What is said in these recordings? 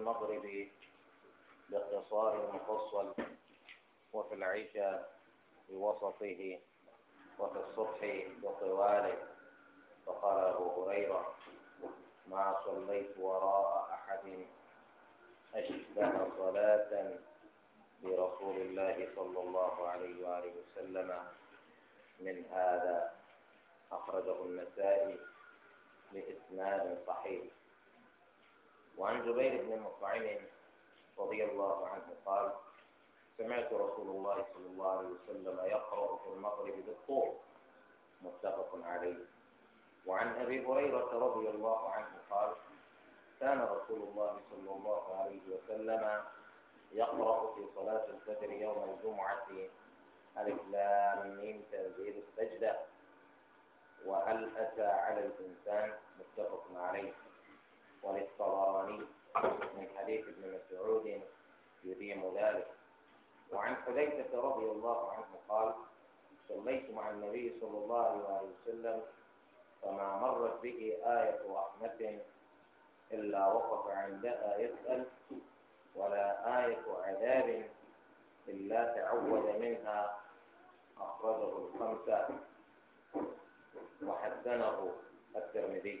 المغرب باختصار مفصل وفي العشاء بوسطه وفي الصبح بطواله فقال أبو هريرة ما صليت وراء أحد أشبه صلاة برسول الله صلى الله عليه وآله وسلم من هذا أخرجه النسائي بإسناد صحيح وعن جبير بن مطعم رضي الله عنه قال سمعت رسول الله صلى الله عليه وسلم يقرأ في المغرب بالطور متفق عليه وعن أبي هريرة رضي الله عنه قال كان رسول الله صلى الله عليه وسلم يقرأ في صلاة الفجر يوم الجمعة ألف لام ميم تنزيل السجدة وهل أتى على الإنسان متفق عليه وللطبراني من حديث ابن مسعود يديم ذلك وعن حذيفة رضي الله عنه قال صليت مع النبي صلى الله عليه وسلم فما مرت به آية رحمة إلا وقف عندها يسأل ولا آية عذاب إلا تعود منها أخرجه الخمسة وحسنه الترمذي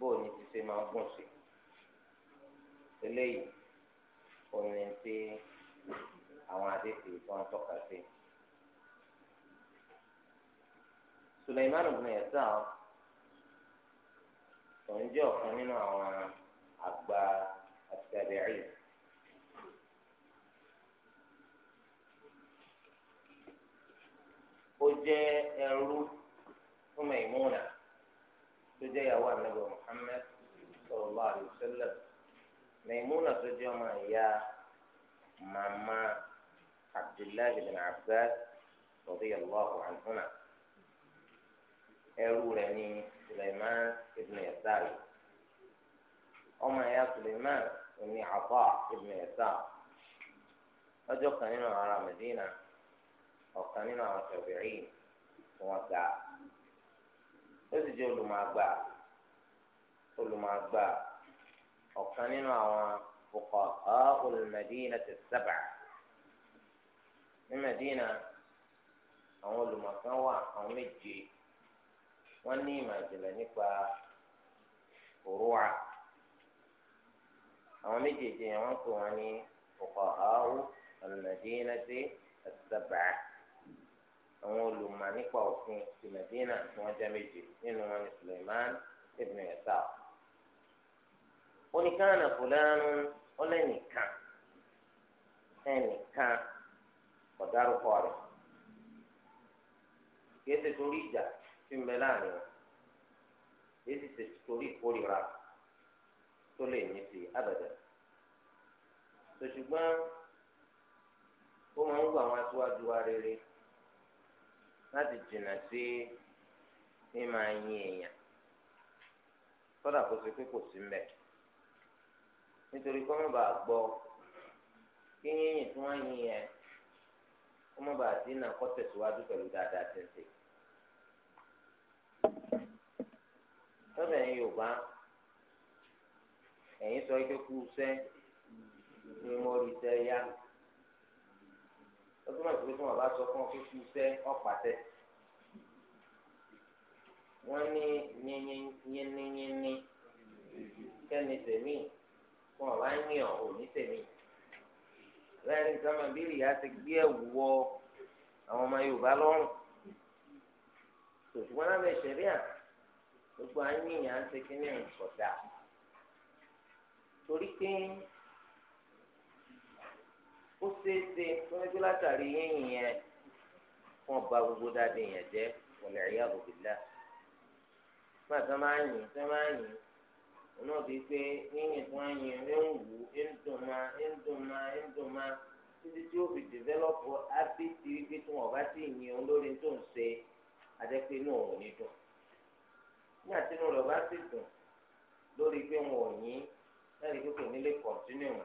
bóò ní ti ṣe máa gùn sí eléyìí òní ti àwọn àdéhùn tó ń tọ́ka sí. Suleiman ibn Yasar òun jẹ́ ọ̀kan nínú àwọn àgbà àtẹ̀rẹ̀rì. ó jẹ́ ẹrú fún Maimuna. tó jẹ́ ìyàwó ànábì Muhammad sallallahu alaihi wasallam Maimuna tó jẹ́ ọmọ ìyá màmá Abdullahi bin Abbas radiyallahu anhuma ẹrú rẹ̀ ní Suleiman ibn Yasari ọmọ ìyá Suleiman ní Ata ibn Yasari ọjọ́ kan nínú ará Medina ọ̀kan nínú àwọn tẹ̀wẹ̀rì wọn gbà á. ó sì jẹ́ olùmọ̀gbà olùmọ̀gbà ọ̀kan nínú àwọn fuqaha al-Madina as-sab'a ní Madina àwọn olùmọ̀kan wà àwọn méje wọ́n ní ìmọ̀ ìjìnlẹ̀ nípa furu'a àwọn méjèèjì yẹn wọ́n pè wọ́n ní fuqaha al-Madina as-sab'a. àwọn olùmọ̀ nípa òfin ti Medina tí wọ́n jẹ́ méje nínú wọn ni Suleiman ibn Yasar oníkànnà fúlẹ́rán ọlẹ́nìkan ẹnìkan ọ̀dárúkọ rẹ̀ kìí ṣe torí ìjà tí ń bẹ láàrin wọn kìí sì ṣe torí ìkórìíra tó lè ní sí abẹ́dẹ̀ ṣùgbọ́n ó máa ń gbọ́ àwọn aṣáájú wa rere. láti jìnnà sí mímọ anyi èèyàn kódà kó ṣe pé kò sí mbẹ nítorí kó má bàa gbọ́ kí yínyìn tí wọ́n yin yẹn kó má bàa dínà kó tẹ̀síwájú pẹ̀lú dáadáa tẹ̀sí. lọ́dọ̀ ẹ̀yin Yorùbá ẹ̀yin sọ ó túmọ̀ sí pé tí wọ́n bá sọ fún ọ pé kú sẹ́ ọ̀pàtẹ́ wọ́n ní yínníyínní kẹ́ni tèmí fún ọ̀wá yín ọ̀ òní tèmí lẹ́yìn sọ́mọ bíi ìyá ti gbé ẹ̀wù wọ àwọn ọmọ Yorùbá lọ́rùn ṣùgbọ́n lábẹ́ ìṣẹ̀ríà gbogbo ayíyàn ti kí ní ìkọ̀dà torí pé ó ṣeéṣe tó ń gbé látàrí yíyìn yẹn wọn ba gbogbo dáadé yẹn jẹ ọlẹ ẹyà òbílà nígbà tó máa ń yìn tó máa ń yìn ọ̀nà òbí pé yíyìn tó ń yìn ń wù ń dùn ma ń dùn ma ń dùn ma títí tí ó fi dìvẹ́lọ́pù ábí ti rí pé tí wọn bá ti yìn òun lórí tó ń ṣe àdẹ́pẹ́ inú òun ní dùn nígbà tí rẹ̀ bá ti dùn lórí pé wọn yìn lẹ́yìn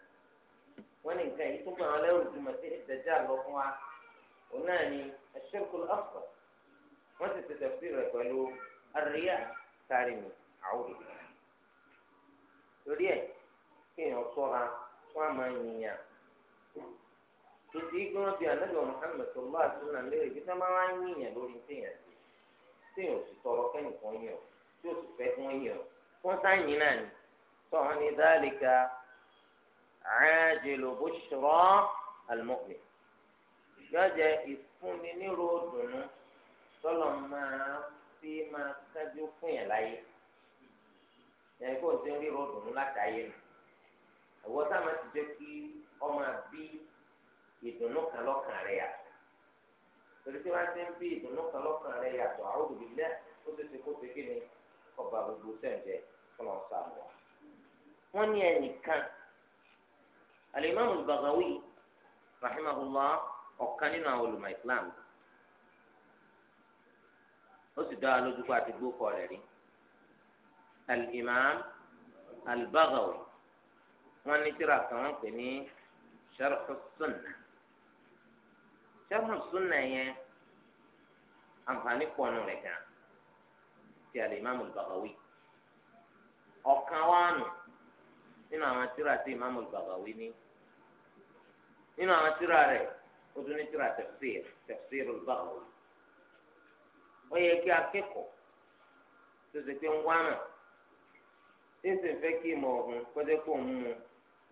wọ́n ní nǹkan yìí tó gbà wọn lẹ́rù ju màtí ìdájà lọ fún wa òun náà ni aṣẹ́kùn ọ̀pọ̀ wọ́n ti tẹ̀sẹ̀ sí rẹ̀ pẹ̀lú àríyá sáré mi àwòrán torí ẹ̀ kéèyàn sọ́ra fún àmọ́ ènìyàn tòtí gbọ́n bí anábìyàn Muhammad sọlá àtúnà lérè bí sábà wá ń yìnyàn lórí téèyàn sí téèyàn sì tọrọ kẹ́nìkan yàn tí ó sì fẹ́ kí yàn fún sáyìn náà ni àjẹlò bó ṣọ̀rọ̀ àlùmọ́pẹ̀ yóò jẹ ìfúnni nírò dùnú tọ́lọ̀ máa fi máa kájú fún yẹn láyé yẹn kó o ti ń ríro dùnú látàyè nù àwọn tá a máa ti jẹ́ kí ọmọ bí ìdùnnú kan lọ́kàn rẹ̀ yàtọ̀ torí tí wọ́n ti ń bí ìdùnnú kan lọ́kàn rẹ̀ yàtọ̀ àwọn òbí lẹ́ ó ti ti kó ti kí ọba gbogbo sẹ́ǹjẹ́ kọ́nà ọ̀sán wọn. ní ẹnìkan alimami bagawi rahimahullah ọ̀kan nínú àwọn olùmọ̀ islam ó sì dá a lójú pé a ti gbókọ rẹ̀ rí alimam albagawi wọn ní tíra kan wọn pè ní sharhu sunna sharhu sunna yẹn àǹfààní pọnù rẹ̀ gan ti alimami bagawi ọ̀kan wa nù. No nínú àwọn tíra tí ìmáàmù Bàbáwí ní nínú àwọn tíra rẹ̀ ó tún ní tíra tafsir tafsirul Baghawi ó yẹ kí akẹ́kọ̀ọ́ tó ṣe pé ń wá náà tí ń sì fẹ́ kí ìmọ̀ ọ̀hún kọ́jọ́ pò ń mu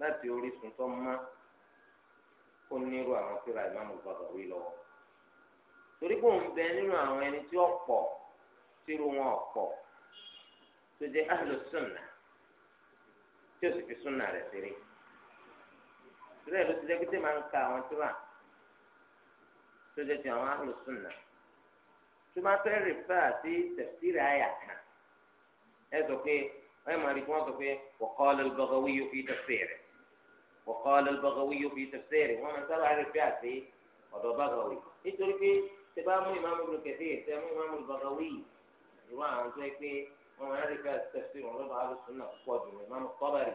láti orísun tó má kó nírú àwọn tíra ìmáàmù Bàbáwí lọ́wọ́ torí pé òun bẹ nínú àwọn ẹni tí ó pọ̀ tírú wọn ọ̀pọ̀ tó jẹ́ ahlus sunnah tí o sì fi súnà rẹ̀ ṣeré ìrẹ́ ló ti jẹ́ pété máa ń ka àwọn tó wà tó jẹ́ ti àwọn àlò súnà tó máa fẹ́ rìfà sí tẹ̀síìrì àyà kan ẹ sọ pé ẹ máa rí kí wọ́n sọ pé waqala al-Baghawi fi tafsiri waqala al-Baghawi fi tafsiri wọ́n máa sábà rìfà sí ọ̀dọ̀ Baghawi nítorí pé tẹ bá mú ìmáàmù Ibn Kathir tẹ mú ìmáàmù Baghawi ìwọ àwọn tó yẹ wọn máa ń rí ká tẹ̀sí wọn lọ́dọ̀ alùsùn náà pọ̀ jù ní ìmáàmù Tabari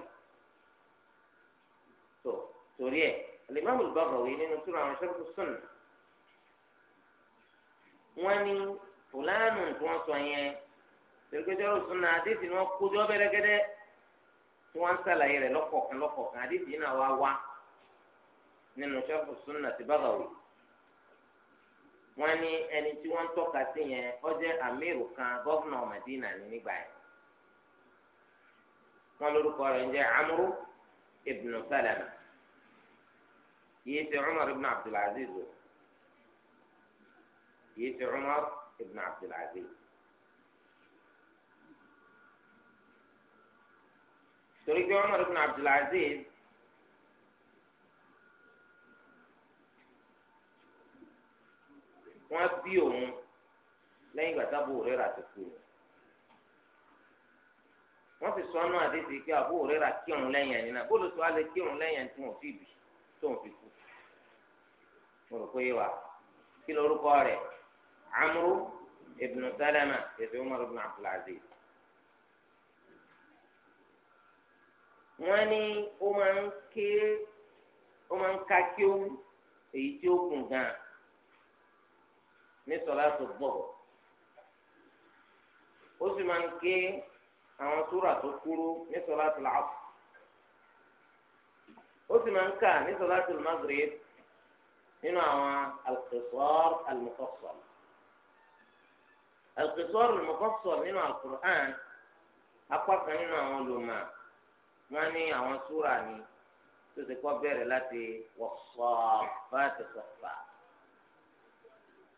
tó torí ẹ̀ al-Imam al-Baghawi nínú túrọ̀ àwọn Sharh as-Sunnah wọn ní fúlàánù tí wọ́n sọ yẹn tẹ̀lifíṣọ́rọ̀ sunna àdéhùn ni wọ́n kójú ọ́bẹ̀rẹ̀gẹ́dẹ́ tí wọ́n ń sàlàyé rẹ̀ lọ́kọ̀ọ̀kan lọ́kọ̀ọ̀kan àdéhùn náà wá wá nínú Sharh as-Sunnah ti Baghawi wọ́n ní ẹni tí wọ́n ń tọ́ka sí yẹn ó jẹ́ amíru kan gọ́vnà Madina ní nígbà yẹn wọ́n lórúkọ rẹ̀ ń jẹ́ amúrú ibn Salama yìí ti Umar ibn Abdulaziz o yìí ti Umar ibn Abdulaziz. torí pé Umar ibn Abdulaziz. wọn bí òun lẹ́yìn ìgbà tábù òrẹ́rà ti kú wọ́n sì sọ ọ́nà àdéhùn pé àbú òrẹ́rà kírun lẹ́yìn ẹni náà bóòlù tó wá lè kírun lẹ́yìn ẹni tí wọ́n fi bì tó fi kú mo rò pé wa kí amúrú ka kí ó ní sọlá tó gbọ̀gbọ̀ ó sì máa ń ké àwọn súrà tó kúrú ní sọlá tó làásù ó sì máa ń kà ní sọlá tó magrib nínú àwọn alqisar almufassal alqisar almufassal nínú alqur'an apá nínú àwọn olùmọ̀ wọn ní àwọn súrà ni tó ti kọ́ bẹ̀rẹ̀ láti wọ́pọ̀ fáti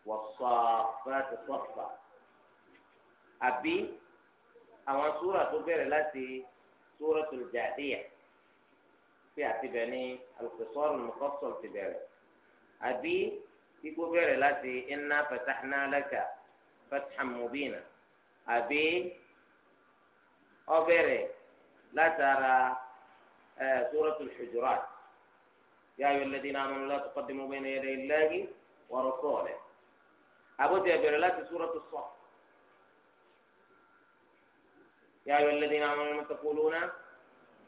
والصافات صفا àbí àwọn súra tó bẹ̀rẹ̀ láti súratul Jathiyah tí àti bẹ̀ ní al-Qisar al-Mufassal ti bẹ̀rẹ̀ àbí kíkó bẹ̀rẹ̀ láti inna fatahna laka fathan mubina àbí ó bẹ̀rẹ̀ látara súratul Hujurat ya ayyuhalladhina amanu la tuqaddimu bayna yaday Allahi wa rasulihi. àbótí ẹ̀bẹ̀rẹ̀ في سورة الصف يا أيها الذين آمنوا ما تقولون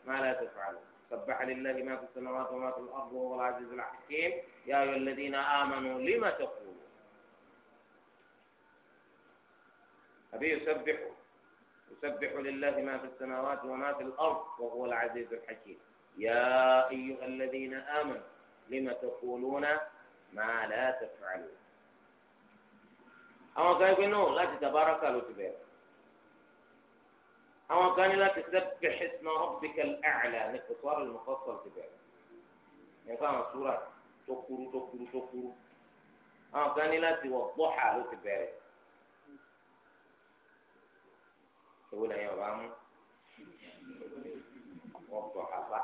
ما لا تفعلون سبح لله ما في السماوات وما في الأرض وهو العزيز الحكيم يا أيها الذين آمنوا لما تقولون أبي يسبح يسبح لله ما في السماوات وما في الأرض وهو العزيز الحكيم يا أيها الذين آمنوا لما تقولون ما لا تفعلون àwọn kan gbé náà láti tabaraka ló ti bẹ̀rẹ̀ àwọn kan ní láti sabbih isma rabbikal a'la ní kòtòwárò ló kọ́ sọ̀rọ̀ ti bẹ̀rẹ̀ nípa àwọn súra tó kúrú tó kúrú tó kúrú àwọn kan ní láti wọ̀ bọ́hà ló ti bẹ̀rẹ̀ èwo lẹ́yìn ọ̀bá mú wọ́n bọ̀ àbá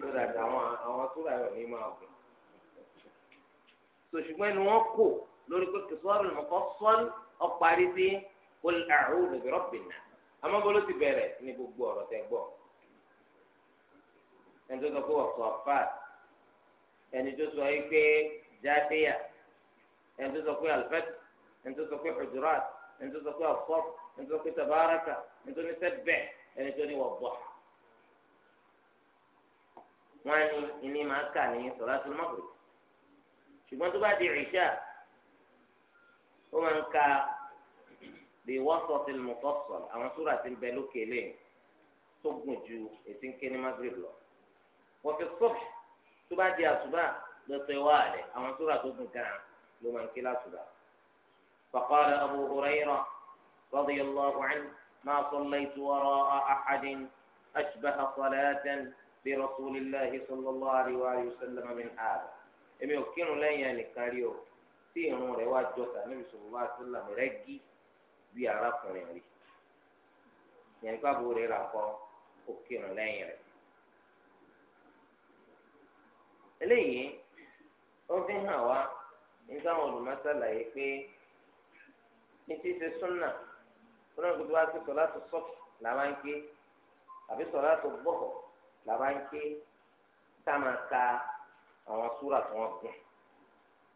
tó dàda àwọn súra yọ̀ ní máa gùn sòṣùgbọ́n ni wọ́n kò. lórí pé kìsọ́ọ̀rù mufassal ó ọ̀parí sí qul àrùn bi rabbin nas àmọ́ bọ́lá ti bẹ̀rẹ̀ ní gbogbo ọ̀rọ̀ tẹ́ gbọ́ ẹni tó sọ pé wọ́n sọ fà ẹni tó sọ yìí pé jáfẹ́yà ẹni tó sọ pé alifat ẹni tó sọ pé hujurat ẹni tó sọ pé ọ̀sọ́f ẹni tó sọ pé tabaraka ẹni tó ní sẹ́bẹ̀ ẹni tó ní bọ̀. wọ́n á ní ìní máa kà ní sọ̀rọ̀ àti ṣùgbọ́n tó bá di ìṣá ó máa ń ka bí wọ́sọ̀tì mùtọ́sọ̀ àwọn súrà ti ń bẹ lókè lẹ́yìn tó gùn ju ètí ń ké ní Maghrib lọ wọ́n fi sọ́ọ̀bù tó bá di àsùbà lọ́tọ̀ ẹ̀wá rẹ̀ àwọn súrà tó gùn gan ló máa ń ké lásùbà. فقال أبو هريرة رضي الله عنه ما صليت وراء أحد أشبه صلاة برسول الله صلى الله عليه وسلم من هذا. èmi ò kírun يعني ẹnìkan tí irun rẹ̀ wá jọ tàbí ìṣòro wá sí làmì rẹ̀ gí bí arákùnrin rí yẹn ká bo rẹ̀ rà kọ́ òkè irun lẹ́yìn rẹ̀. eléyìí ó fi hàn wá nígbà àwọn olùmọ̀sálàyé pé ní títí súnà fúnà gbogbo wa ti sọlá tó sọfù làwa ń ké àbí sọlá tó gbọkọ làwa ń ké tá a máa ka àwọn súrà tó wọn gùn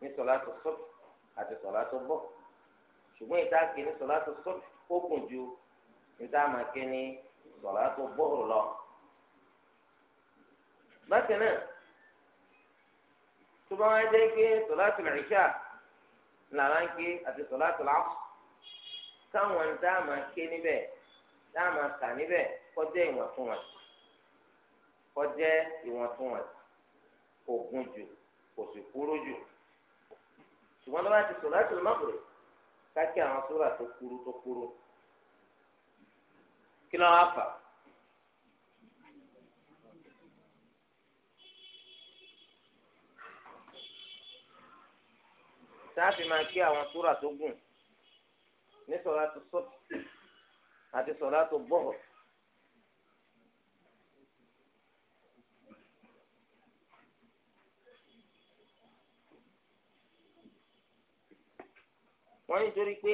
ní sọlá tó sọfù àti sọlá tó bọ̀ ṣùgbọ́n ìta kì ní sọlá tó sọ ó gùn ju ìta máa kí ní sọlá tó bọ̀ lọ. bákan náà tó bá wáyé jẹ́ pé sọlá tó lè ṣá làwọn ké àti sọlá tó lè ṣá táwọn ìta máa ké níbẹ̀ tá a máa kà níbẹ̀ kọjá ìwọ̀ntúnwọ̀nsì kọjá ìwọ̀ntúnwọ̀nsì kò gùn jù kò sì kúrú jù. ṣùgbọ́n tó bá ti sọ̀rọ̀ láti lọ́mọ́kùnrin káàkiri àwọn sóra tó kúrú tó kúrú kí ló wá fà. sáàfì máa kí àwọn sóra tó gùn ní sọ̀rọ̀ àti sọ̀rọ̀ àti sọ̀rọ̀ àti bọ̀rọ̀. wọ́n nítorí pé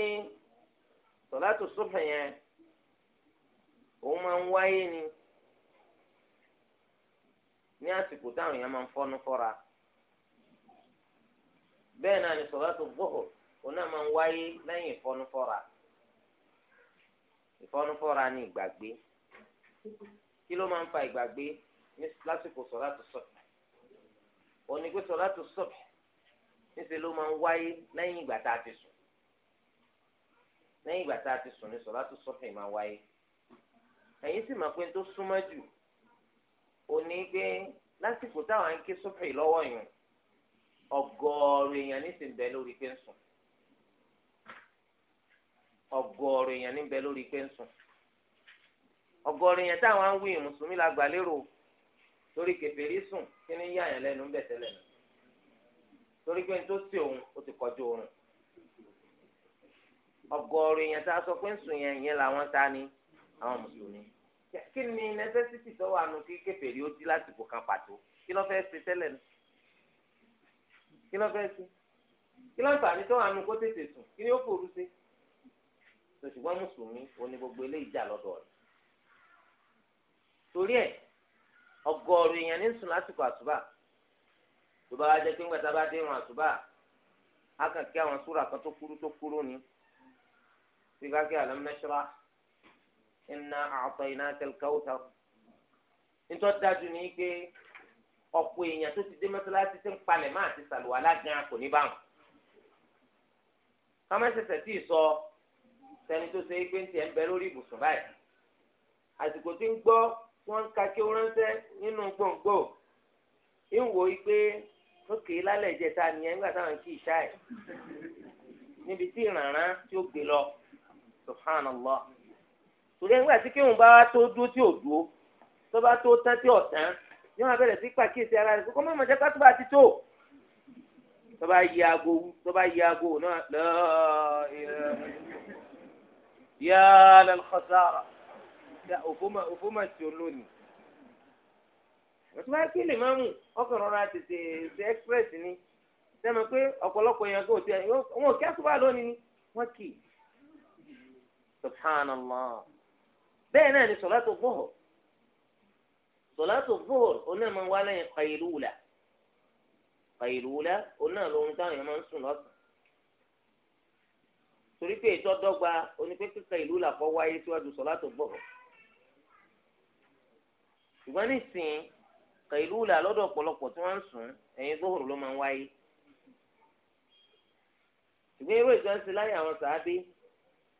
sọ̀látù sọ́fẹ̀ yẹn òun máa ń wáyé ni ní àsìkò táwọn èèyàn máa ń fọ́nú fọ́ra bẹ́ẹ̀ náà ni sọ̀látù zuhur òun náà máa ń wáyé lẹ́yìn ìfọ́nú fọ́ra ìfọ́nú fọ́ra ni ìgbàgbé kí ló máa ń fa ìgbàgbé ní lásìkò sọ̀látù sọ̀fẹ̀ òun ni pé sọ̀látù sọ̀fẹ̀ níṣẹ́ ló máa ń wáyé lẹ́yìn ìgbà tá a ti sùn. lẹ́yìn ìgbà a ti sùn ní sọlá tó sọfìn máa wáyé ẹ̀yin sì máa pé tó súnmọ́ jù òní gbé lásìkò táwọn ń ké sọfìn lọ́wọ́ yẹn ọgọ́ọ̀rọ̀ èèyàn ní bẹ lórí pé ń sùn ọgọ́ọ̀rọ̀ èèyàn ní bẹ lórí pé ń sùn èèyàn táwọn ń wí la gbà lérò torí sùn oorun ọgọ́rùn èèyàn tá a sọ pé ń sùn yẹn ìyẹn làwọn ta ni àwọn mùsùlùmí kí ni necessity tó wà nù kí kèfèrí ó dí lásìkò kan pàtó kí ló fẹ́ ṣe tẹ́lẹ̀ nù kí ló fẹ́ ṣe kí ló ń fà ní tó wà nù kó tètè sùn kí ni ó fòrú sí ṣùgbọ́n mùsùlùmí òní gbogbo eléyìí jà lọ́dọ̀ rẹ̀ torí ẹ̀ ọgọ́rùn èèyàn ní sùn lásìkò àsùbà tó bá wá jẹ́ pé ńgbà tá a bá dé ìrun àsùbà á kàn kí àwọn súrà kan tó kúrú tó kúrú ni bí ká kí alam nashrah inna a'tainaka al-kawthar nítorí dájú ni pé ọ̀pọ̀ èèyàn tó ti dé mọ́tòláṣí ti ń palẹ̀ máa ti sàlùwàlá gan kò ní báwọn. kámẹ́sẹ̀sẹ̀ tí ì sọ sẹni tó ṣe é pé ń tiẹ̀ ń bẹ lórí ibùsùn báyìí. àsìkò tí ń gbọ́ tí wọ́n ń ka kí ó ránṣẹ́ nínú gbòǹgbò ń wò ó pé lókè lálẹ́ ìjẹta nìyẹn nígbà táwọn kì í ṣáì níbi tí ìrànràn tí ó gbé lọ subhanallah torí ẹ̀ nígbà tí kéwòn bá wá tó dúró tí ò dúró tó bá tó tán tí ò tán yóò máa bẹ̀rẹ̀ sí pàkíyèsí ara rẹ̀ kókó mọ̀mọ́ jẹ́ kátó bá ti tó tó bá yí aago tó bá yí aago náà lọ yá lọ́lọ́kọ́sára òfó mà tí o lónìí. òtún bá kí lè máa mú ọkàn rọra tètè ṣe express ni sẹ́mi pé ọ̀pọ̀lọpọ̀ èèyàn kò tiẹ̀ wọ́n kí àtúbà lónìí ni wọ́n kì í. subhanallah bẹ́ẹ̀ náà ni sọ̀látò zuhur sọ̀látò zuhur onáà máa wá lẹ́yìn qayrula qayrula onáà lóhun táwọn èèyàn máa ń sùn lọ́sàn torí pé ìtọ́dọ́gba onípẹ́kẹ́ wáyé síwájú ṣùgbọ́n nísìnyí qayrula lọ́dọ̀ ọ̀pọ̀lọpọ̀ tí wọ́n ń sùn ẹ̀yìn zuhur ló máa ń wáyé ṣùgbọ́n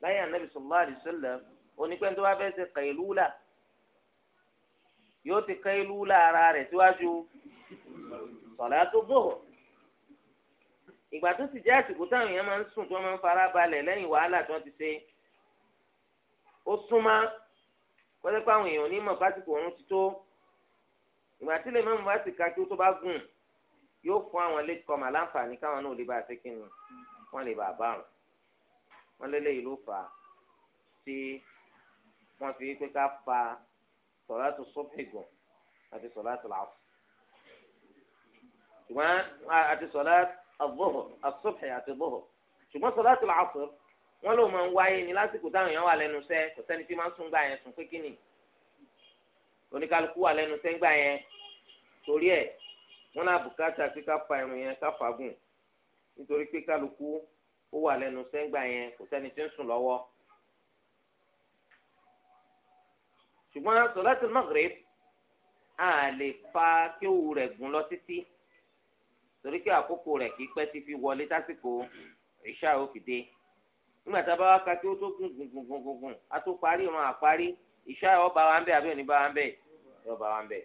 láyé anabi sallallahu alayhi wa sallam onípẹ́ tó bá fẹ́ ṣe kailula yóò ti kailula ara rẹ̀ síwájú salatu zuhur ìgbà tó ti jẹ́ àsìkò táwọn èèyàn máa ń sùn tí wọ́n máa ń fara balẹ̀ lẹ́yìn wàhálà tí wọ́n ti ṣe ó súnmọ́ pẹ́lẹ́ pé àwọn èèyàn onímọ̀ básìkò ọ̀run ti tó ìgbà tí lè mọ́ bá ti ka kí ó tó bá gùn yóò fún àwọn late comer láǹfààní káwọn náà lè bá a ṣe kí wọn lè bá a bá àrùn wọn lélẹ̀ yìí ló fà á tí wọn fi pé ká fa sọ̀látù subhi gùn àti sọ̀látù làásù ṣùgbọ́n àti sọ̀látù àbúhù àsubhi àti búhù ṣùgbọ́n sọ̀látù làásù wọn ló máa ń wáyé ní lásìkò táwọn èèyàn wà lẹ́nu iṣẹ́ kò sẹ́ni tí máa ń sùn gbà yẹn sùn pé kí ni oníkálukú wà lẹ́nu iṣẹ́ gbà yẹn torí ẹ̀ wọn náà bùkátà pé ká fa irun yẹn ká fagùn nítorí pé kálukú ó wà lẹ́nu sẹ́ńgbà yẹn kò sẹ́ni tí ń sùn lọ́wọ́ ṣùgbọ́n sọ̀láṣí magreb a lè fa kéwù rẹ̀ gùn lọ títí torí pé àkókò rẹ̀ kì í pẹ́ ti fi wọlé tásìkò ìṣá òfìdé nígbà tá a bá wá ka kí ó tó gùn gùn gùn gùn gùn a tó parí ìran àparí ìṣá ọba wa ń bẹ àbí òní bá wa ń bẹ ọba wa ń bẹ.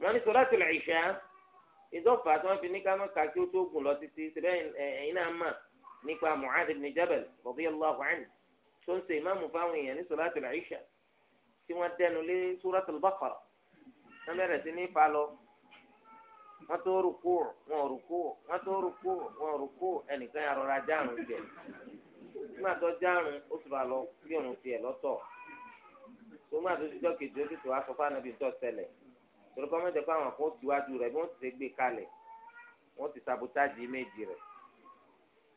wọ́n ní sọ̀láṣí ìṣá. ìzọ́fà tí wọ́n fi ní kámọ́ ká kí ó tó gùn lọ títí síbẹ̀ ẹ̀yin náà mà nípa Mu'adh ibn Jabal radiyallahu anhu tó ń ṣe ìmáàmù fáwọn èèyàn ní sọláàtì ràìṣà tí wọ́n dẹnu lé wọ́n bẹ̀rẹ̀ sí ní fa wọ́n tó rúkú wọn ò wọ́n tó wọn ò rúkú ẹnìkan yà rọra járùn jẹ nígbà tó járùn ó sì bá lọ torí kọ́ mẹ́jọ pé àwọn kan ó tiwájú rẹ̀ bí wọ́n ti ṣe gbé kalẹ̀ wọ́n ti sabotage image rẹ̀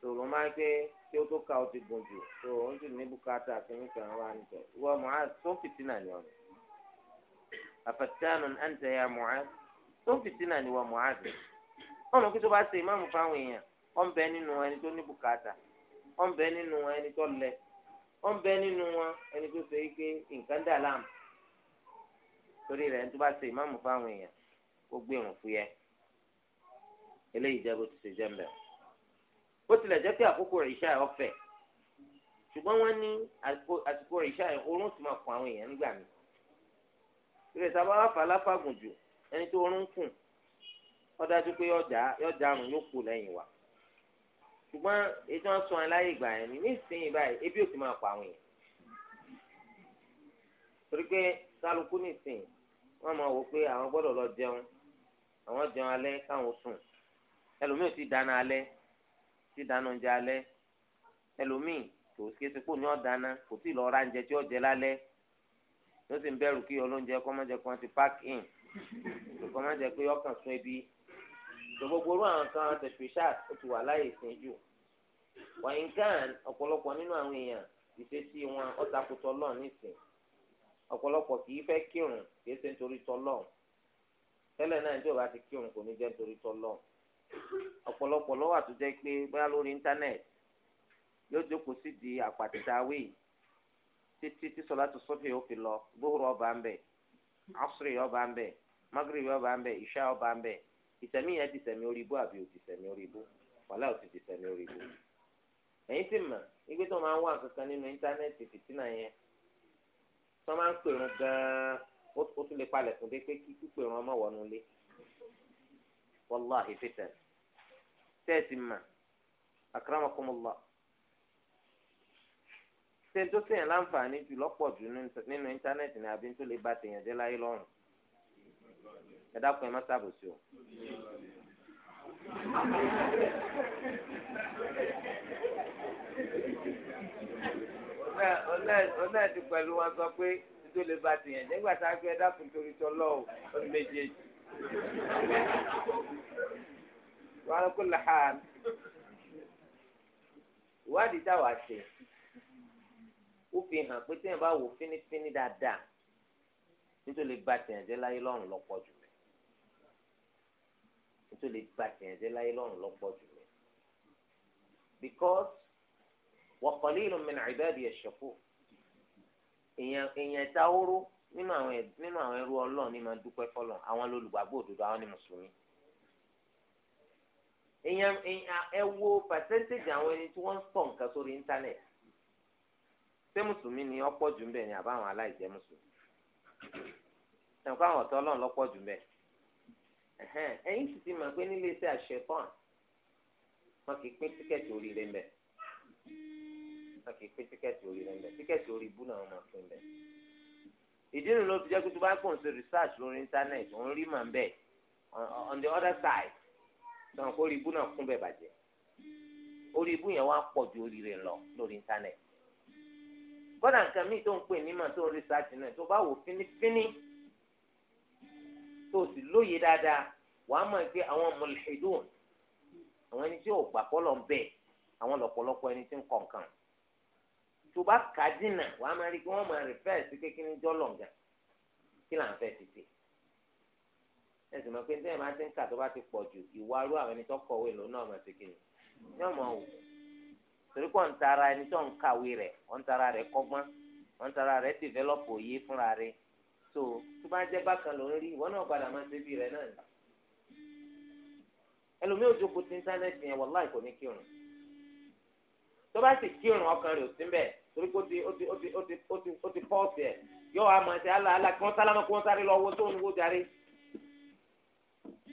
tó wọ́n máa ń pé kí ó tó ka ó ti gùn jù tó ó sì ní bùkátà kìíní kan wà nìkan ìwọ Mu'adh tó fìtínà ni ọ̀nà àfẹ̀tánù anta ya Mu'adh tó fìtínà ni ìwọ Mu'adh wọn mọ̀ kí tó bá ṣe ìmáàmù fáwọn èèyàn wọ́n bẹ nínú ẹni tó ní bùkátà wọ́n bẹ nínú ẹni tó lẹ wọ́n bẹ nínú ẹni tó ṣe é torí rẹ̀ ń tó bá ṣe ìmáàmù fáwọn èèyàn kó gbé ìrun fúyẹ́ eléyìí jẹ́ bó ti ṣe jẹ́ mbẹ́ bó tilẹ̀ jẹ́ pé àkókò ìṣá ọ̀fẹ́ ṣùgbọ́n wọ́n ní àsìkò ìṣá oorun ti máa kún àwọn èèyàn nígbà mi ìrẹ̀ sábà wà fà láfàgùn jù ẹni tó oorun kùn ó dájú pé yọjà yọjà àrùn yóò kù lẹ́yìn wa ṣùgbọ́n ètò wọn sọ ẹ láyé ìgbà yẹn ní nísìnyí báyìí ebi ò ti máa pa àwọn èèyàn torí pé kálukú nísìnyí wọ́n máa wò pé àwọn gbọ́dọ̀ lọ jẹun àwọn jẹun alẹ́ káwọn sùn ẹlòmíì ti dáná alẹ́ ti dáná oúnjẹ alẹ́ ẹlòmíì kò ní kò tí lọ ra oúnjẹ tí ó jẹ lálẹ́ ló sì ń bẹ̀rù kí ọlọ́njẹ kọ́mọ́jẹ kan ti park in kọ́mọ́jẹ pé ọkàn sún ẹbí. gbogbo àwọn kan ó ti wà láyè sìn jù ọ̀pọ̀lọpọ̀ nínú àwọn èèyàn wọn ọ̀tàkùtọ̀ ọ̀pọ̀lọpọ̀ kì í fẹ́ kírun kì í ṣe nítorí tọ́lọ́run tẹ́lẹ̀ náà níjọba ti kírun kò ní jẹ́ nítorí tọ́lọ́run ọ̀pọ̀lọpọ̀ ló pé bá lórí íńtánẹ́ẹ̀tì yóò jókòó sí di àpàtìtàwé títí tí sọlá tó sọ́fẹ̀ fi lọ gbóhùrù ọba ń bẹ asúrì ọba ń bẹ magrebi ọba ń bẹ ìṣá ọba ń ìtẹ̀mí yẹn ti tẹ̀mí orí ibú àbí òtí tí wọ́n máa ń pèrún gan-an ó tún lè palẹ̀ fún dé pé kí pípèrún ọmọ wọnú lé wàláhì fìtẹ̀ tẹ́ẹ̀sì mà àkàràmọ́kùnmọ́lá ṣe tó sèyàn láǹfààní jù lọ́pọ̀ jù nínú íńtánẹ́ẹ̀tì ni àbí tó lè ba tèèyàn jẹ́ láyé lọ́rùn ẹ dákun má ṣàbòsí o ọ̀nà ẹ̀dín pẹ̀lú wọn sọ pé tó lè ba tìyẹn nígbà tá a fẹ́ dákun torí tọ́ lọ́wọ́ ọdún méjèèjì. wọn kò lè ha ìwádìí táwa ṣe ó fi hàn pé téèyàn bá wò fínífíní dáadáa nítorí ba tìyẹn jẹ́ láyé lọ́rùn lọ́pọ̀ jù mí nítorí ba tìyẹn jẹ́ láyé lọ́rùn lọ́pọ̀ jù mí because. وقليل من عبادي الشكور èèyàn èèyàn dáwóró nínú àwọn nínú àwọn ẹrú Ọlọ́run ni máa àwọn olùgbàgbọ́ òdodo àwọn ni mùsùlùmí èèyàn ẹ wo àwọn ẹni tí wọ́n ń sọ nǹkan sórí ṣé mùsùlùmí ni ọ̀pọ̀ jù ni àbáwọn aláìjẹ́ mùsùlùmí àwọn ọ̀tọ́ Ọlọ́run lọ́pọ̀ jù ń sì ti pé nílé àṣẹ a kì í pé tíkẹ́ẹ̀tì orí rẹ̀ lẹ̀ tíkẹ́ẹ̀tì orí ibú náà máa fún lẹ̀. ìdí nìyẹn ló fi jẹ́ pé tó bá kàn ṣe research lórí íńtánẹ́ẹ̀tì òun rí màá bẹ́ẹ̀ on the other side sọ̀rọ̀ kó orí ibú náà kún bẹ́ẹ̀ bàjẹ́ orí ibú yẹn wá pọ̀ ju orí rẹ̀ lọ lórí íńtánẹ́ẹ̀tì. kọ́dà nǹkan míì tó ń pè ní tó ń research náà tó bá wò fínífíní tó sì lóye dáadáa wàá mọ̀ pé àwọn mulhidun àwọn ẹni tí ò gbà kọ́ lọ bẹ́ẹ̀ àwọn lọ́pọ̀lọpọ̀ ẹni tí ń kọ̀ tó bá kà á dínà wàá máa rí i pé wọ́n máa rìfẹ́ sí kékeré jọ́lọ̀ gan kí là ń fẹ́ ti tè ẹ̀sìn mọ̀ pé ní ẹ̀ máa ti ń kà tó bá ti pọ̀ jù ìwà rú àwọn ẹni tó kọ̀wé lòun náà máa ti kéde yóò mọ̀ ọ́ torí pọ̀ ń ẹni tó ń kàwé rẹ̀ wọ́n ń rẹ̀ kọ́gbọ́n wọ́n ń rẹ̀ dìvẹ́lọ́pù òye fúnra rẹ̀ tó tó bá jẹ́ bákan ló ń rí ìwọ náà padà máa ṣe bí rẹ̀ náà ni ẹlòmíì òjòkó ti íńtánẹ́ẹ̀tì yẹn wọ́n láì kò ní kírun tó bá sì kírun ọkàn rẹ̀ ò sí bẹ́ẹ̀ torí kó ti ó ti ó ti ó ti ó ti ó ti pọ́ọ̀sì ẹ̀ yóò wá mọ̀ ẹ́ ala ala kí wọ́n sálámà kí wọ́n sáré lọ owó tó ń wó darí.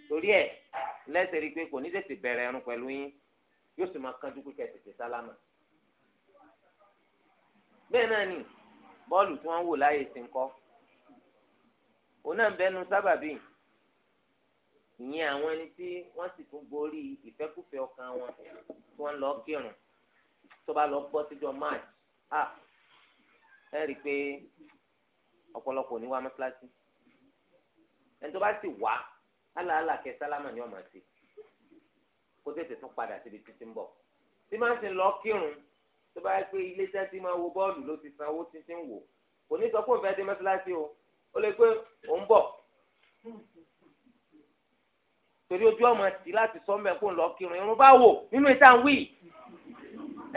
torí ẹ̀ lẹ́sẹ̀ rí i pé kò ní tètè bẹ̀rẹ̀ ẹ̀rùn pẹ̀lú yín yóò sì máa kánjú kíkẹ́ tètè sálámà. bẹ́ẹ̀ náà ni bọ́ọ̀lù tí wọ́n ń wò láyè sí ń kọ́ òun náà ń bẹnu sábàbí ìyẹn àwọn ẹni tí wọ́n sì tún borí ìfẹ́kùfẹ́ ọkàn wọn tí wọ́n lọ kírun tó bá lọ bọ́ síjọ máàcì Ah, ẹ rí i pé ọ̀pọ̀lọpọ̀ ní wá mọ́sálásí ẹni tó bá sì wá hálàhálà kẹ sálámà ni ọmọ sí kó tètè tún padà síbi títí ń bọ̀ tí máa ń sin lọ kírun tó bá yẹ pé ilé tẹ́ ti máa wo bọ́ọ̀lù ló ti san owó títí ń wò kò ní sọ pé òun fẹ́ dé o ó lè pé òun bọ̀ torí ojú ọmọ sí láti sọ mẹ́kún lọ kírun irun bá wò nínú ìta ń wí.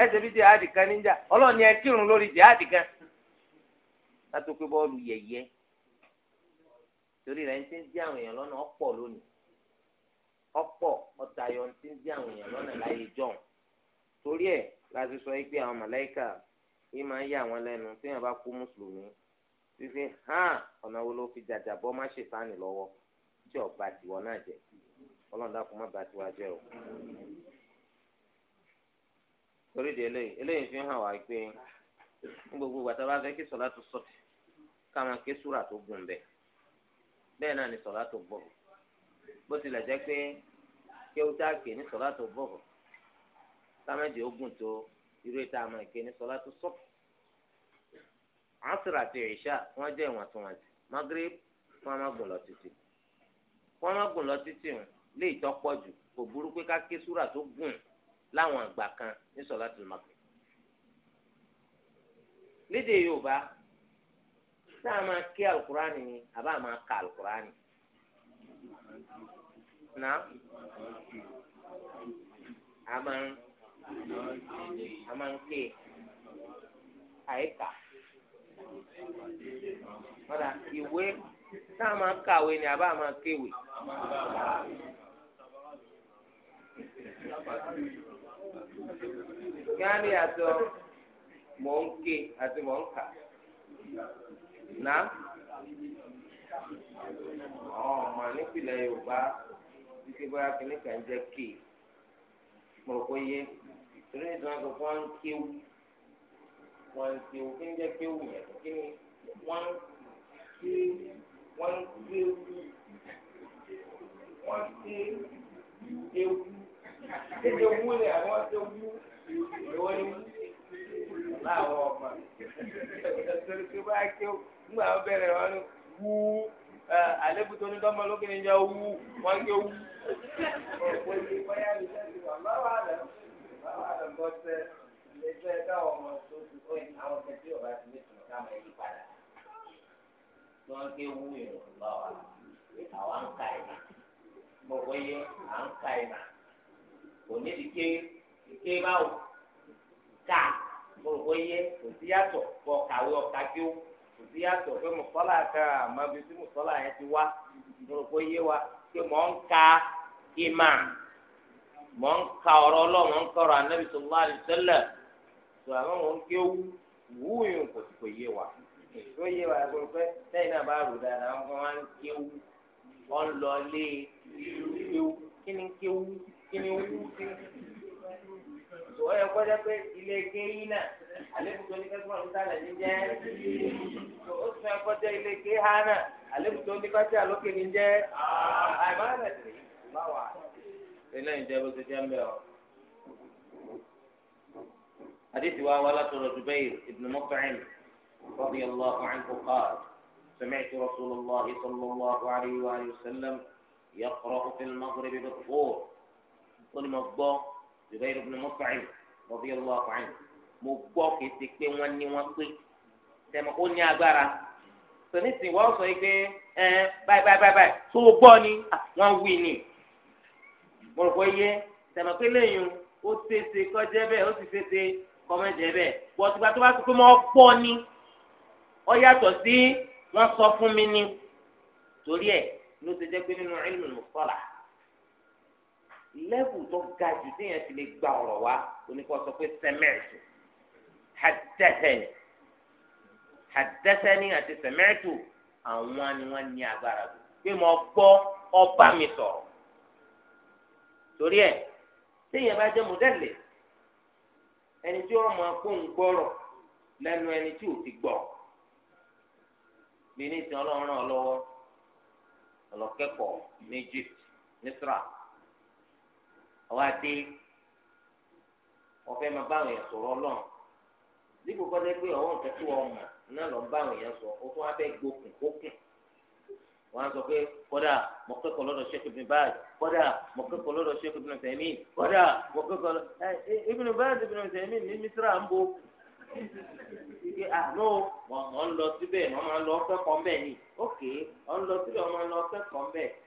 ẹsẹ̀ bí jihadi kan níjà ọlọ́ọ̀ni ẹ kírun lórí jihadi kan látò pé bọ́ọ̀lù yẹ̀yẹ́ torí rẹ̀ ń ti ń dí àwọn èèyàn lọ́nà ọ̀pọ̀ lónìí ọ̀pọ̀ ọ̀tayọ̀ ń ti ń dí àwọn èèyàn lọ́nà láyé jọ̀hún torí ẹ̀ la ti sọ pé àwọn màláìkà yìí máa ń yà wọ́n lẹ́nu tí wọ́n bá kú mùsùlùmí fífi hàn ọ̀nà wo ló fi jàjà bọ́ má ṣe sáni lọ́wọ́ tí ọ̀gbà tiwọn náà jẹ́ ọlọ́run dákun má bà tiwa jẹ́ o. torí di eléyìí eléyìí fi hàn wá pé gbogbo ìgbà bá fẹ́ kí sọlá tó sọ̀tì ká máa ké súrà tó gùn bẹ́ẹ̀ bẹ́ẹ̀ náà ni sọlá tó bọ̀ bó tilẹ̀ jẹ́ pé kéwú tá a ké ní sọlá tó ká má di ogun tó irú ìta àmọ́ ké ní sọlá tó sọ̀tì asra àti ìṣá wọ́n jẹ́ láwọn àgbà kan ní sọláàtì magrib lédè yorùbá tá a máa ké alukurani ni a bá máa ka alukurani na a máa a máa ké àyíká wọ́dà ìwé tá a máa kàwé ni a bá máa kéwèé kíárì àti mò ń ké àti mò ń kà nà ọmọ nípìnlẹ̀ Yorùbá títí bóyá kìíní kan ń jẹ́ ké mo rò pé yé torí ìdùnnú àgbẹ̀ fún ń kéwú wọn ń kéwú kí ń jẹ́ kéwú yẹn kí ni wọ́n ń ké wọ́n ń kéwú wọ́n ń ké kéwú ẹjọ wú lẹ àwọn ẹjọ wú ìwọ ni wú láwọn ọmọ ẹsẹrẹ tó bá kí ó ńgbà wọn bẹ̀rẹ̀ wọn ni wú àlébù tó ní dánmọ lókè níjà wú wọn kí ó wú. Ilé-iṣẹ́ ẹ̀ka ọmọ tó ti kọ́ àwọn kẹ̀kẹ́ ọ̀bá ti lè tún ká máa yí padà. Wọ́n ké wú ìrọ̀lọ́wọ́. Àwọn ń ka ìmọ̀. Mo wọ́yé à ń ka ìmọ̀. òní ìké ìké báwò ká gbogbo yẹ kò sí yàtọ̀ bọ kàwé ọ̀ka kí ó kò sí yàtọ̀ pé mùsọ́là kan tí yẹn ti wá gbogbo yẹ wa pé mọ̀ ń ka ìmà mọ̀ ń ka ọ̀rọ̀ ọlọ́run mọ̀ ń ka ọ̀rọ̀ anábì sallallahu wa wa gbogbo pé sẹ́yìn náà bá rò dáadáa wọ́n ń kí ni wú sí ó yẹ kó jẹ́ pé ilé kéyí náà àlébùtò ní kẹ́kọ̀ọ́ ní sálẹ̀ ní jẹ́ ó sì yẹ kó jẹ́ ilé kéyí ha náà àlébùtò ní kọ́sí àlókè ní jẹ́ àìmọ́ rẹ̀ sí báwa ilé ìjẹ́ bó ti jẹ́ mbẹ́ o. حديث ولا جبير بن مطعم رضي الله عنه قال سمعت رسول الله صلى الله عليه وآله وسلم يقرأ في المغرب بالطور ó ní mo gbọ́ Zubair ibn Mut'im radiyallahu anhu mo gbọ́ kìí ṣe pé wọ́n ní wọ́n pé tẹ̀mọ́ ó ní agbára sọ̀nìsìn wọ́n sọ pé ẹ báyìí báyìí báyìí tó o gbọ́ ni ah, wọ́n wí ni mo rò pé yé tẹ̀mọ́ pé lẹ́yìn ó tètè kọjá bẹ́ẹ̀ ó sì tètè kọ́mẹ́jẹ bẹ́ẹ̀ bọ̀tùgbà tó bá sọ pé mo gbọ́ ni ó yàtọ̀ sí wọ́n sọ fún mi ni torí ẹ̀ ló ti jẹ́ pé nínú ilmu mustalah lẹ́bù tó ga jù téèyàn ti lè gba ọ̀rọ̀ wá oníkọ́ sọ pé sẹ́mẹ́ẹ̀tù hadẹ́sẹ̀ni hadẹ́sẹ̀ni àti sẹ́mẹ́ẹ̀tù àwọn ni wọ́n ní agbára jù pé mo gbọ́ ọba mi sọ̀rọ̀ torí ẹ̀ téèyàn bá jẹ́ mọ̀dẹ́lẹ̀ ẹni tí wọ́n máa kó ń gbọ́rọ̀ lẹ́nu ẹni tí ò ti gbọ́ bí ní ìsìn ọlọ́run ọlọ́wọ́ ọlọ́kẹ́kọ̀ọ́ ní Egypt ní Israel àwọn adé wọn fẹ́ máa bá àwọn èèyàn sọ̀rọ̀ ọlọ́run dípò kọ́tẹ́ pé ọwọ́ nǹkan tí wọ́n mọ̀ náà lọ bá àwọn èèyàn sọ ó tún wá fẹ́ gbókùn kókùn wọn á sọ pé kọ́dà mo kẹ́kọ̀ọ́ lọ́dọ̀ Sheikh Ibn Baz kọ́dà mo kẹ́kọ̀ọ́ lọ́dọ̀ Sheikh Ibn Uthaymeen kọ́dà mo kẹ́kọ̀ọ́ lọ Ibn Baz Ibn Uthaymeen ní Misra ń bo ike àná wọn ń lọ síbẹ̀ wọn máa ń lọ kẹ́kọ̀ọ́ mbẹ́ ni ókè wọn ń lọ síbẹ̀ wọn máa ń lọ kẹ́kọ̀ọ́ mbẹ́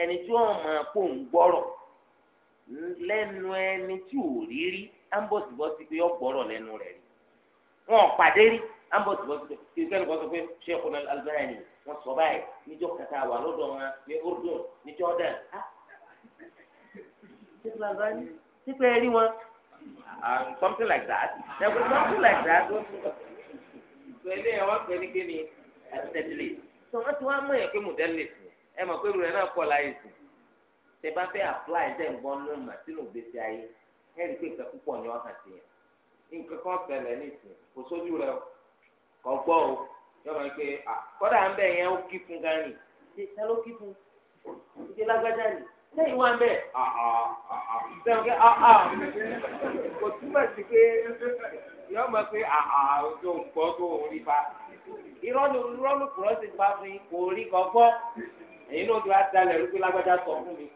ẹni tí wọn máa kó ń gbọ́rọ̀ lẹ́nu ẹni tí ò rí rí ambọ̀sibọ́sí pé ó gbọ́rọ̀ lẹ́nu rẹ̀ rí wọn ò pàdé rí ambọ̀sibọ́sí pé kí ẹnì kan sọ pé Sheikhul Albani wọn sọ báyìí níjọ́ kẹta wà lọ́dọ̀ wọn ní Urdun ní Jordan ah! Sheikhul Albani sípẹ́ rí wọn ah, something like that there was something like that so eléyàwó pẹ̀lú kí ni àtẹ̀lé so wọ́n ti wá mọ̀ yẹn pé mọ̀dẹ́lẹ̀ ẹ mọ̀ pé rẹ̀ náà pọ̀ láyé sí tẹ bá fẹ́ apply dẹ̀ ń sínú ìgbésí ayé ẹ rí i pé nǹkan púpọ̀ ni wọ́n hàn sí yẹn nǹkan kan ṣẹlẹ̀ kò sójú rẹ gbọ́ o yọ̀rọ̀ pé kọ́dà ń bẹ̀ yẹn ó kí fún gan ni ṣe ta ló kí fún ṣe lágbájá ni lẹ́yìn wá pé kò túmọ̀ sí pé yọ pé ń èyí náà ti wá rúgbìn sọ fún mi.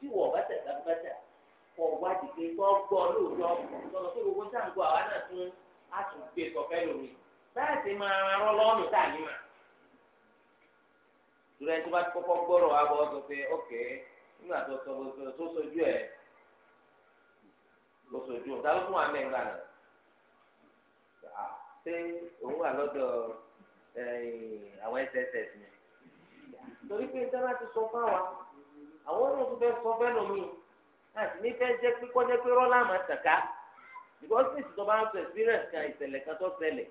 tí wọ́n bá tẹ̀sán bá tẹ̀ kọ̀ wá dìde gbọ́ lóòótọ́ sọ̀rọ̀ tó gbogbo àwa náà a ní mà. ìrora ẹni tó bá kọ́kọ́ gbọ́rọ̀ bọ́ sọ pé ókè nígbà tó sọ tó sojú ẹ̀ sojú fún wa ṣé òun wà lọ́dọ̀ àwọn ẹ̀sẹ̀ ẹ̀sẹ̀ torí pé ìjọba sọ fún wa àwọn olóòtú fẹ́ sọ fẹ́ lómi àti nífẹ̀ẹ́ jẹ́ pé pé rọ́lá àmà tàká because tó bá ń sọ experience kan ìṣẹ̀lẹ̀ kan tó ṣẹlẹ̀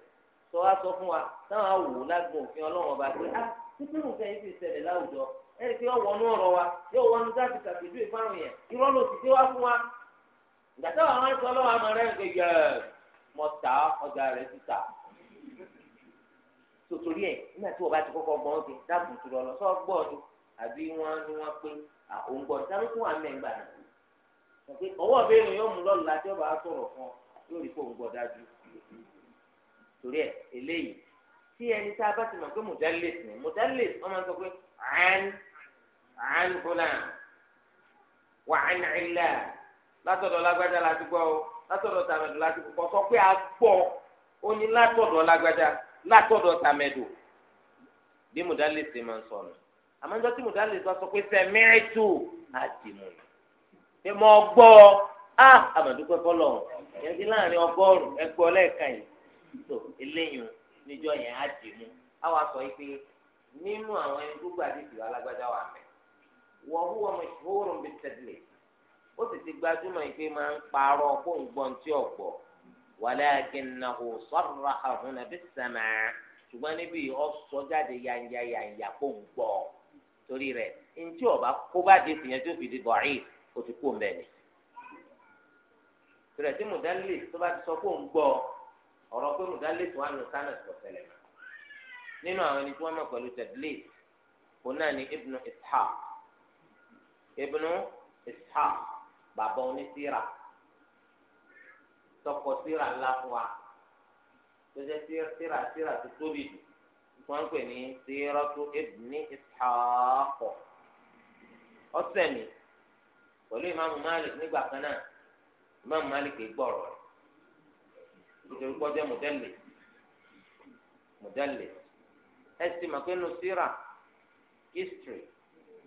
sọ fún wa táwọn awò lágbo òfin ọlọ́run bá títí ah, láwùjọ ẹni pé ọwọ́ wa yóò wọnú yẹn irọ́ ló ti dé fún wa ìgbà táwọn sotori ẹ̀ nígbà tí wọ́n bá ti kọ́kọ́ gbọ́ ọ́n ti dáàbò tó lọ sọ gbọ́ ọdún àbí wọ́n ní wọ́n pé àwọn gbọ́ sáré fún àmì ẹ̀gbà rẹ̀ ọwọ́ béèrè yóò mú lọ́ọ̀lù láti ọba sọ̀rọ̀ fún ọ yóò rí fóun gbọ́ dájú torí ẹ̀ eléyìí tí ẹni tá a bá ti mọ̀ pé mùdálẹ́sì ni mùdálẹ́sì wọ́n máa ń sọ pé àn àn bọ́là wà á nà ilẹ̀ látọ̀dọ̀ lágbájá láti gbọ́ látọ̀dọ̀ tàmẹ̀dọ̀ láti kọ́ sọ pé a gbọ́ ó ní látọ̀dọ̀ lágbájá látọ̀dọ̀ tàmẹ̀dù bí mùdálẹ́sì máa ń sọ̀rọ̀ àmọ́ nígbà tí mùdálẹ́sì sọ pé sẹ̀mẹ́ẹ̀tù àdìmú pé mo gbọ́ á àmọ̀dúpẹ́ fọlọ́ yẹn ti láàrin ọgọ́rùn-ún ẹgbẹ́ ọlẹ́ẹ̀ka yìí tó eléyìí níjọ yẹn àdìmú àwa sọ yìí pé nínú àwọn ẹni gbogbo àdìsí alágbádá wà mẹ́ wọ́n hu ọmọ ìṣòro ń bẹ tẹ̀lé ó sì ti gbajúmọ̀ yìí pé máa ń parọ́ kó ń gbọ́n tí ọ̀gbọ́n walakinnahu صرح هنا بالسماع، ṣùgbọ́n níbi ọ̀sọ́ jáde yanya yanya kó ń gbọ́ torí rẹ̀ ntí ọba kó bá di tìyẹn tó fi di bọ̀rí o ti kó mbẹ́ ni. tìrẹ̀ tí mùdálì tó bá ti sọ kó ń gbọ́ ọ̀rọ̀ pé mùdálì tó wà ní kánà tó tẹ̀lé ma nínú àwọn ẹni tí wọ́n mọ̀ pẹ̀lú tẹ̀lé kò náà ní ibnu ishaq ibnu ishaq bàbá onísìrà tọkọ síra ńlá fún wa tó jẹ síra síra tó tóbi jù wọn pè ní sírọtù ibni ìsàkọ ọsẹ mi pẹ̀lú ìmáàmù malik nígbà kan náà ìmáàmù malik gbọrọ nítorí pọjọ mọdẹlẹ mọdẹlẹ ẹ sì mà pé nu síra history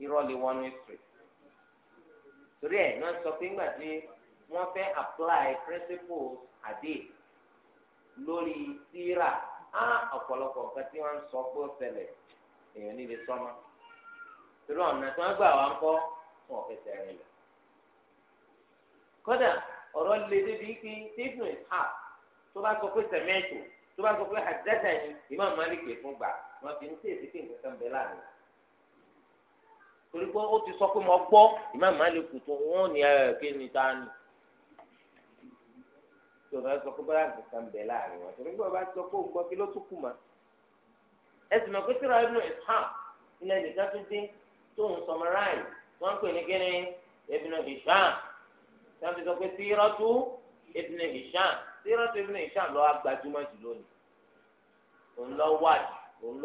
irọ́ lè wọnú history torí ẹ̀ náà sọ pé ńgbà tí wọ́n fẹ́ apply principles hadith lórí síra á ọ̀pọ̀lọpọ̀ nǹkan tí wọ́n ń sọ pé ó ṣẹlẹ̀ èèyàn níbi sọ́mọ́ torí ọ̀nà tí wọ́n gbà wá ń kọ́ wọn fẹ́ sẹ́rin lọ. kódà ọ̀rọ̀ lè débi pé stephen hart tó bá sọ pé sẹ̀mẹ́ntò tó bá sọ pé àdẹ́tẹ̀ ni Imam Malik fún gbà wọ́n fi ń tèèsì pé nǹkan bẹ́ẹ̀ láàrin torí pé ó ti sọ pé mo gbọ́ Imam Malik tó wọ́n ní ẹ̀ kí ni ta ni tó fẹ́ sọ pé bóyá nǹkan bẹ̀ láàrin wọn torí gbọ́dọ̀ bá sọ pé òun gbọ́ kí ló tún kù mọ́ ẹsìn mọ̀ pé tíra ibùdó isham ilẹ̀ nìkan tún dín tóun sọmaráì wọ́n ń pè ní kíni ibùdó isham wọ́n ti sọ pé tíratú ibùdó isham tíratú ibùdó isham lọ́wọ́ agbájúmọ́ jù lónìí òun lọ́ wà òun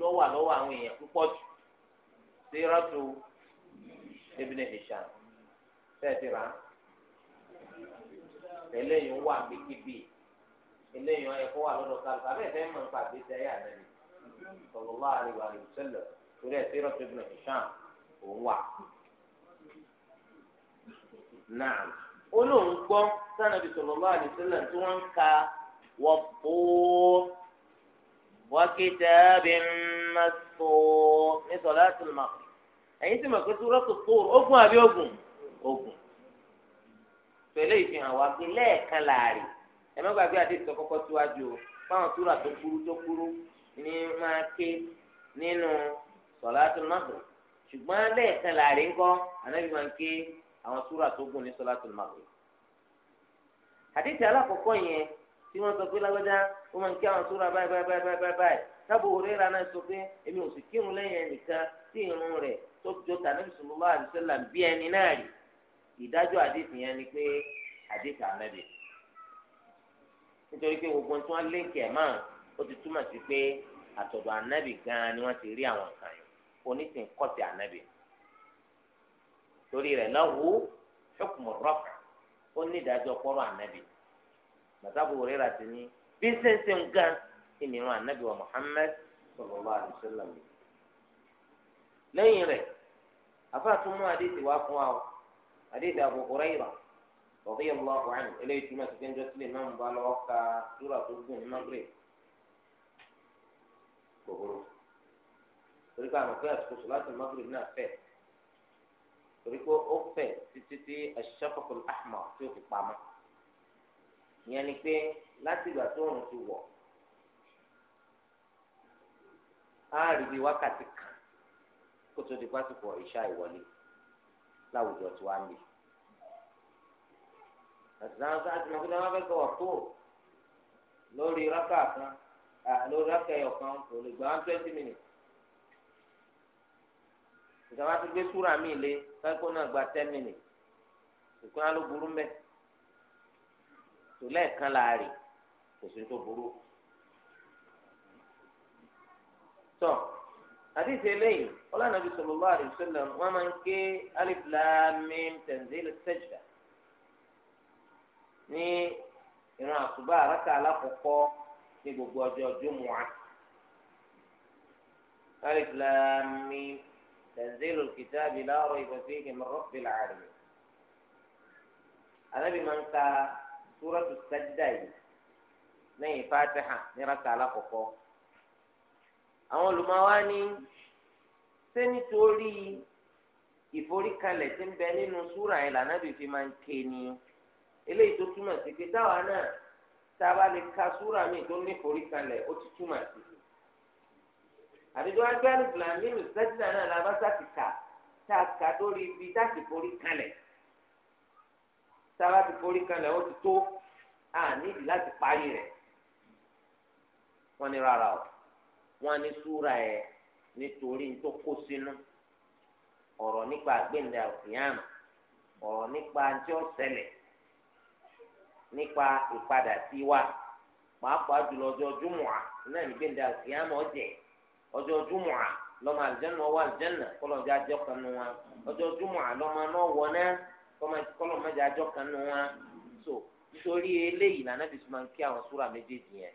lọ́ wà lọ́wọ́ àwọn èèyàn púpọ̀ jù tíratú ibùdó isham fẹ́ẹ̀ ti eléyìí wà bíkíbi eléyìí wọn ẹ̀kọ́ wà lọ́dọ̀ kálukà bẹ́ẹ̀ fẹẹ mọ nípa àgbésí ayé ànábì sọlọlá àríwá àríwá sẹlẹ torí ẹsẹ ìrọsẹ ìbùnà ìṣàn òun wà. náà ó lóun gbọ́ sànàbì sọlọlá àríwá sẹlẹ tí wọ́n ń ka ní sọlá ẹ̀yin ogun àbí ogun ogun. tẹ̀lé ìfihàn wa pé lẹ́ẹ̀kan láàrin ẹ má gbàgbé àdéhùn kọ́kọ́ síwájú o fáwọn súrà tó kúrú tó kúrú ní máa ké nínú sọ̀látùl Maghrib ṣùgbọ́n lẹ́ẹ̀kan láàrin ńkọ́ ànábì máa ń ké àwọn súrà tó gùn ní sọ̀látùl Maghrib. àdéhùn alákọ̀ọ́kọ́ yẹn tí wọ́n sọ pé lágbájá ó máa ń ké àwọn súrà báyìí báyìí báyìí báyìí sábò òrera ìdájọ́ àdéhùn yẹn ni pé àdéhùn ànábì nítorí pé gbogbo tí wọ́n léǹkì ẹ̀ máa ó ti túmọ̀ sí pé àtọ̀dọ̀ ànábì gan-an ni wọ́n ti rí àwọn nǹkan yẹn onísìn kọ́sì ànábì torí rẹ̀ lọ́wọ́ ṣọ́kùnmọ̀ rọ́ọ̀kà ó ní ìdájọ́ pọ́rọ̀ ànábì màtàbù rírà ti ní bí sẹ́ńsẹ́ń gan ìnìrún ànábì wa Muhammad sallallahu alaihi wasallam lẹ́yìn rẹ̀ àfáà tún mú àdéhùn wá fún wa o hadith Abu Hurairah radiyallahu anhu eléyìí túmọ̀ sí pé njọ́ sílẹ̀ náà ń bá lọ́wọ́ ka súrà tó gùn ní Maghrib kòkòrò torí pé àwọn kíláàsì kòsò láti Maghrib náà fẹ̀ torí pé ó fẹ̀ títí tí ash-shafaqul ahmar tí ó fi pamọ́ ìyẹn ni pé láti ìgbà tó òun ti wọ̀ á rí bí wákàtí kan kó tó di pásítọ̀ ìṣá ìwọlé láwùjọ tí wàá mi àtìláwọn sáà ti mọ pé wọn fẹ́ sọ̀rọ̀ tó lórí rákà kan lórí rákà ẹ̀yọ̀kan kò lè gba one twenty minutes ìjọba ti gbé súrà mí lé fẹ́kọ́ náà gba ten minutes ìpín aló burú mbẹ́ tó lẹ́ẹ̀kan láàrin kò sí tó burú tọ́ àdìsí eléyìí ọlọ́nà bíi sallallahu alaihi wasallam wọ́n máa ń ké alif lam mim ní ìran àsùbá àràkà alákọ̀ọ́kọ́ ní gbogbo ọjọ́ jùmùá. alif lam mim tanzilu kìtàbí la rayba fihi min rabbil alamin. anábì máa ń ka súrọ́tù sajda yìí lẹ́yìn fatiha ní raka alákọ̀ọ́kọ́. àwọn olùmọ̀wá ní ṣé nítorí ìforíkalẹ̀ tí ń bẹ nínú súra yẹn lànà fi máa ń ké ni eléyìí tó túmọ̀ sí pé táwa náà tá a bá lè ka súra mi tó ní forí kalẹ̀ ó ti túmọ̀ sí i àdìjọ agbẹ́rù flamínú sẹ́tìlá náà la bá sàtìkà tá a kà lórí ibi tá a ti forí kalẹ̀ tá a bá ti forí kalẹ̀ ó ti tó a nídìí láti parí rẹ̀ wọ́n ní rárá o wọ́n ní súra ẹ̀ nítorí tó kó sínú ọ̀rọ̀ nípa àgbéǹda òkèèyàn ọ̀rọ̀ nípa tí ó nípa ìpadà sí wa pàápàá jùlọ ọjọ́ júmùà náà ní gbẹ̀ndà ìyàmọ̀ ọ̀jẹ̀ ọjọ́ júmùà lọ́mọ àlùjànnà ọwọ́ àlùjànnà kọ́lọ́ọ̀dé àjọ kan nù wọn ọjọ́ júmùà lọ́mọ náà wọ̀ náà kọ́lọ́ọ̀mọdé àjọ kan nù wọn so nítorí eléyìí lànà bí sùnmọ́ kí àwọn súra méjèèjì yẹn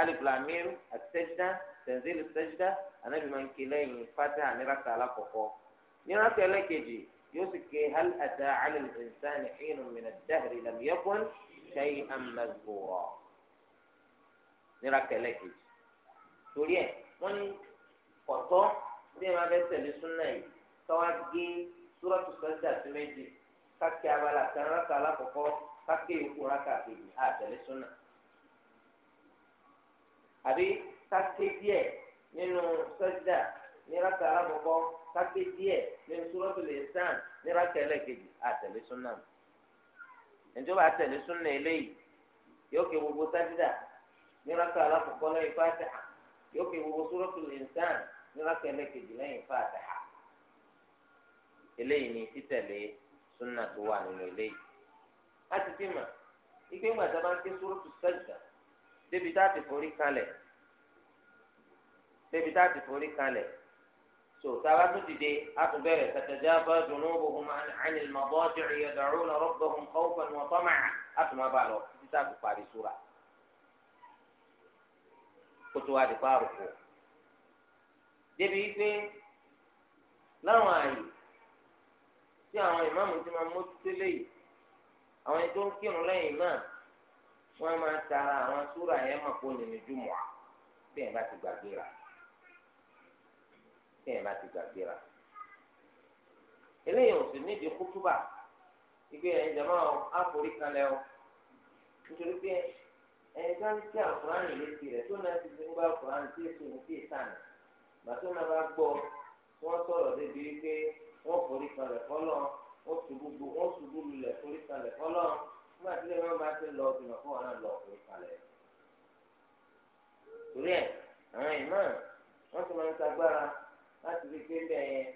alif lamim asẹjida tẹnzil sẹjida ànábì máa ń kí lẹ́yìn fatiha níraka يزكي هل أتى على الإنسان حين من الدهر لم يكن شيئا مذكورا نراك لك تولي من قطع سيما بس لسنة تواجه سورة السجدة سميجي كاكي أبالا كان ركا لكوكو كاكي يكو ركا في آتا آه، لسنة أبي كاكي ديه nínú سجدة نراك rákàrà àkọ́kọ́ kápé díẹ̀ nínú suratul insan nira kẹlẹ kejì àtẹlẹ súnà ìjọba àtẹlẹ súnà eléyìí yóò ké gbogbo sájídà nira kẹlẹ alákọ̀ọ́kọ́ lẹ́yìn fàtàhà yóò ké gbogbo suratul insan nira kẹlẹ kejì lẹ́yìn fàtàhà eléyìí ni títẹ̀lé súnà tó wà nínú eléyìí a ti fi mà ike ńgbà tá bá ń ké suratul sajda débi tá a ti forí kalẹ̀ débi tá a ti forí kalẹ̀. سوتارا تدي أقبل تتجافى جنوبهم عن, عن المضاجع يدعون ربهم خوفا وطمعا أتما بالو كتاب فاري سورة كتوا دي فارقو دي بيكي láwọn àyè tí àwọn ìmáàmù ti máa mójútó léyìí àwọn ẹni tó ń kírun lẹ́yìn náà wọ́n máa tara àwọn súrà yẹn mọ̀ kó nínú jùmọ̀ bí ẹ̀ bá ti gbàgbéra tí yẹn bá ti gbàgbéra eléyìí ò sì nídìí kútúbà ìgbé ẹ̀yìn jẹ̀mọ́ àforí kalẹ̀ o nítorí pé ẹ̀yìn sáà ń tí àkùránì létí rẹ̀ tó náà ti fi ń gbọ́ àkùránì tí èso ní tíì sàn gbàtó náà bá gbọ́ wọ́n sọ̀rọ̀ débi wípé wọ́n forí kalẹ̀ fọ́lọ́ wọ́n ṣubú wọ́n ṣubú lulẹ̀ forí kalẹ̀ fọ́lọ́ nígbà tí lè wọ́n bá ti lọ ìgbìmọ̀ fún wọn lọ forí kalẹ̀. torí ẹ̀ àwọn ìmọ̀ wọ́n ti máa ń sagbára láti fi gbé bẹ́ẹ̀ yẹn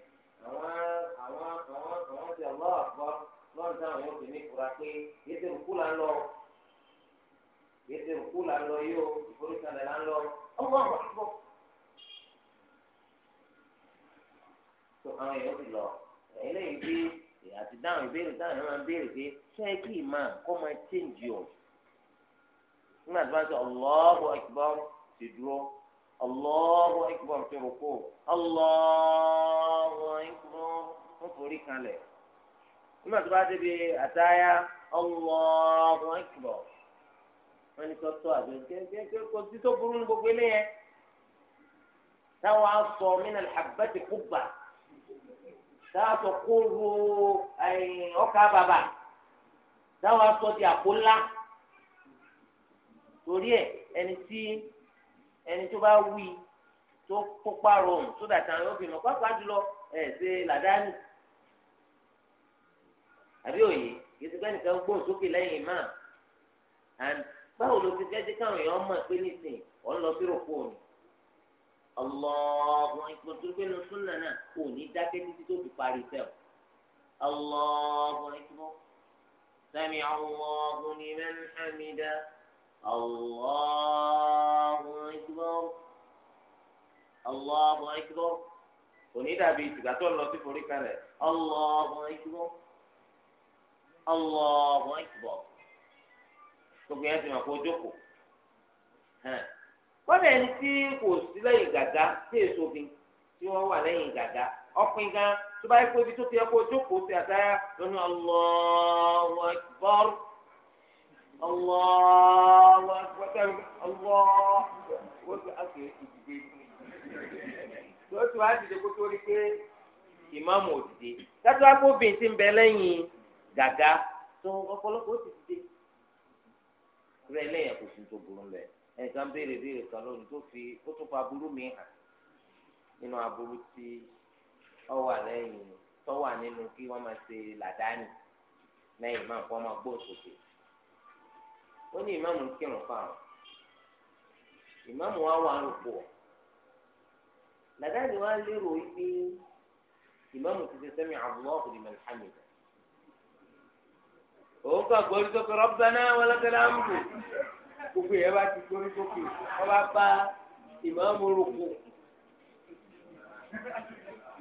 àwọn àwọn àwọn àwọn ti ọlọ́ àgbọ́ lọ́nà táwọn yóò fi ní ìfura pé yéte òkú là ń lọ yéte òkú là ń lọ yóò ìforíkalẹ̀ là ń lọ ọmọ àwọn àgbọ̀. tó àwọn èèyàn ti lọ eléyìí bí àti dáhùn ìbéèrè táwọn èèyàn béèrè pé ṣé kí ìmáà kó máa change yọ nígbà tí wọ́n ti Allahu Akbar ti dúró. Allahu akbar ti rúkú Allahu akbar wọ́n forí kalẹ̀ nígbà tó bá débi àtayá Allahu akbar wọ́n ní tọ́tọ́ àbí gẹ́gẹ́ kò sí tó burú ní gbogbo eléyẹn táwọn aṣọ mìíràn àbẹ́tì kúgbà táwọn aṣọ kóró ọkà bàbà táwọn aṣọ di àpò ńlá torí ẹ ẹni tí. ẹni tó bá wí tó kópa rọrùn tó dàtà àwọn obìnrin pàápàá jùlọ ẹ̀ ṣe làdáni àbí òye yìí nìkan gbóhùn sókè imam and báwo ló ti fẹ́ káwọn èèyàn mọ̀ pé nísìn lọ sí rògbò òní ọlọ́ọ̀gùn ìpò tó gbénu súnà náà kò ní dákẹ́ títí tó fi parí sami الله أكبر الله أكبر onídàbí tó ń lọ sí forí kalẹ̀ Allahu Allahu gbogbo yẹn ti mọ̀ kó jókòó tí kò sí lẹ́yìn èso bí tí wọ́n wà lẹ́yìn ọ̀pìn gan tó bá yẹ kó الله a ìmáàmù a ń bẹ lẹ́yìn gàgá tó ọ̀pọ̀lọpọ̀ ti rẹ lẹ́yìn kò sí tó burú béèrè béèrè kan lónìí tó fi ó fa ó ní ìmáàmù ń kírun fáwọn ìmáàmù wa wà lóko làdáni wa lérò wípé ìmáàmù ti ṣe sẹ́mi Allahu liman hamida òun kà gbórí sókè Rabbana wa lakal hamdu gbogbo yẹn bá ti gbórí sókè wọ́n bá bá ìmáàmù rúkú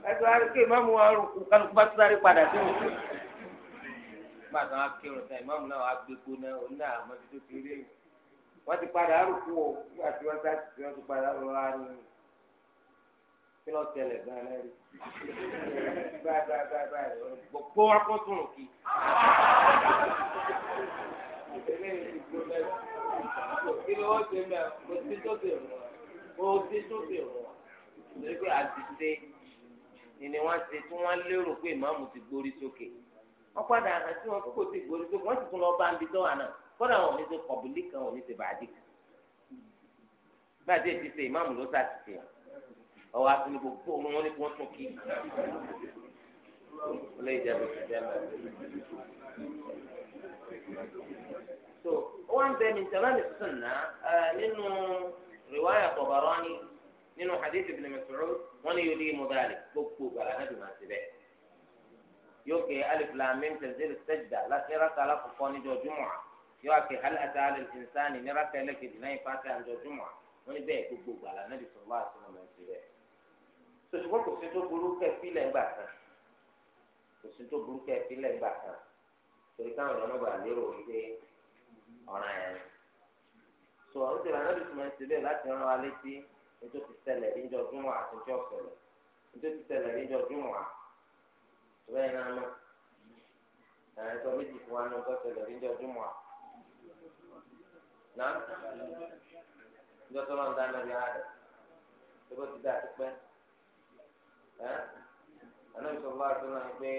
ẹ̀sọ́ àríkè ìmáàmù wa rúkú kálukú bá sáré padà sí òkú nígbà tí wọ́n kírun sẹ́yìn mọ́mù náà wàá gbé gbóná òun náà àmọ́ ti tó ti rí èyí wọ́n ti padà rúkú o nígbà tí wọ́n sá ti wọ́n ti padà rú wa ní kí lọ́ọ́ tẹ̀lé gan lẹ́rìí báyìí báyìí báyìí báyìí gbogbo wọn kó tún òkì kí ni wọ́n ṣe mẹ́ kò sí tó ti rù wọ́n kò sí tó ti rù wọ́n lórí pé àti ṣe ni wọ́n ṣe tí wọ́n lérò pé ìmáàmù ti gbórí sókè. Okay wọ́n padà àná tí wọ́n kókò sí ìgboro tó wọ́n ti tún lọ bá ń bi tó àná kódà wọn ò ní ṣe kọ̀bùlì kan wọn ò ní ṣe bàájì kan gbàdé ti ṣe ìmáàmù ló sá ti ṣe ọwọ́ àti gbogbo òun wọn ni wọ́n tún kí ilé ìjẹ̀bù ti jẹ́ lọ. so wọ́n bẹ ní sàlámì sùnà nínú rìwáyà Tabarani nínú hadith ibn Mas'ud wọ́n ní yóò dé mọ́tàlì gbogbo gbàlá náà dùn àti bẹ́ẹ̀ yóò ké alif lam mim tẹ̀sílì sẹ́jìdá láti rákà alákọ̀ọ́kọ́ níjọ júmọ̀ yóò ké hal ata alil insani ní rákà ẹlẹ́kejì lẹ́yìn fàtà níjọ júmọ̀ wọ́n ní bẹ́ẹ̀ gbogbo gbàlà náà dìtò wá sí ọmọ ẹ̀sìn rẹ̀. sọ̀tùkọ́ kò sí tó burú kẹ́ fílẹ̀ gbà kan kò sí tó burú kẹ́ fílẹ̀ gbà kan torí káwọn ọ̀nà bà lérò wípé ọ̀ràn yẹn ni. sọ ọ́n ti rà náà dìtò mẹ́sìn bẹ́ẹ̀ láti rán wa létí nítorí ti ṣẹlẹ̀ níjọ júmọ̀ bẹ́ẹ̀ náà mọ̀ ẹ̀ sọ méjì fún wa ní ọjọ́ tẹ̀lé ní ọjọ́ jùmọ̀ à. náà ìjọ tó lọ́n dáná bí ara rẹ̀ tó bó ti dá tó náà pé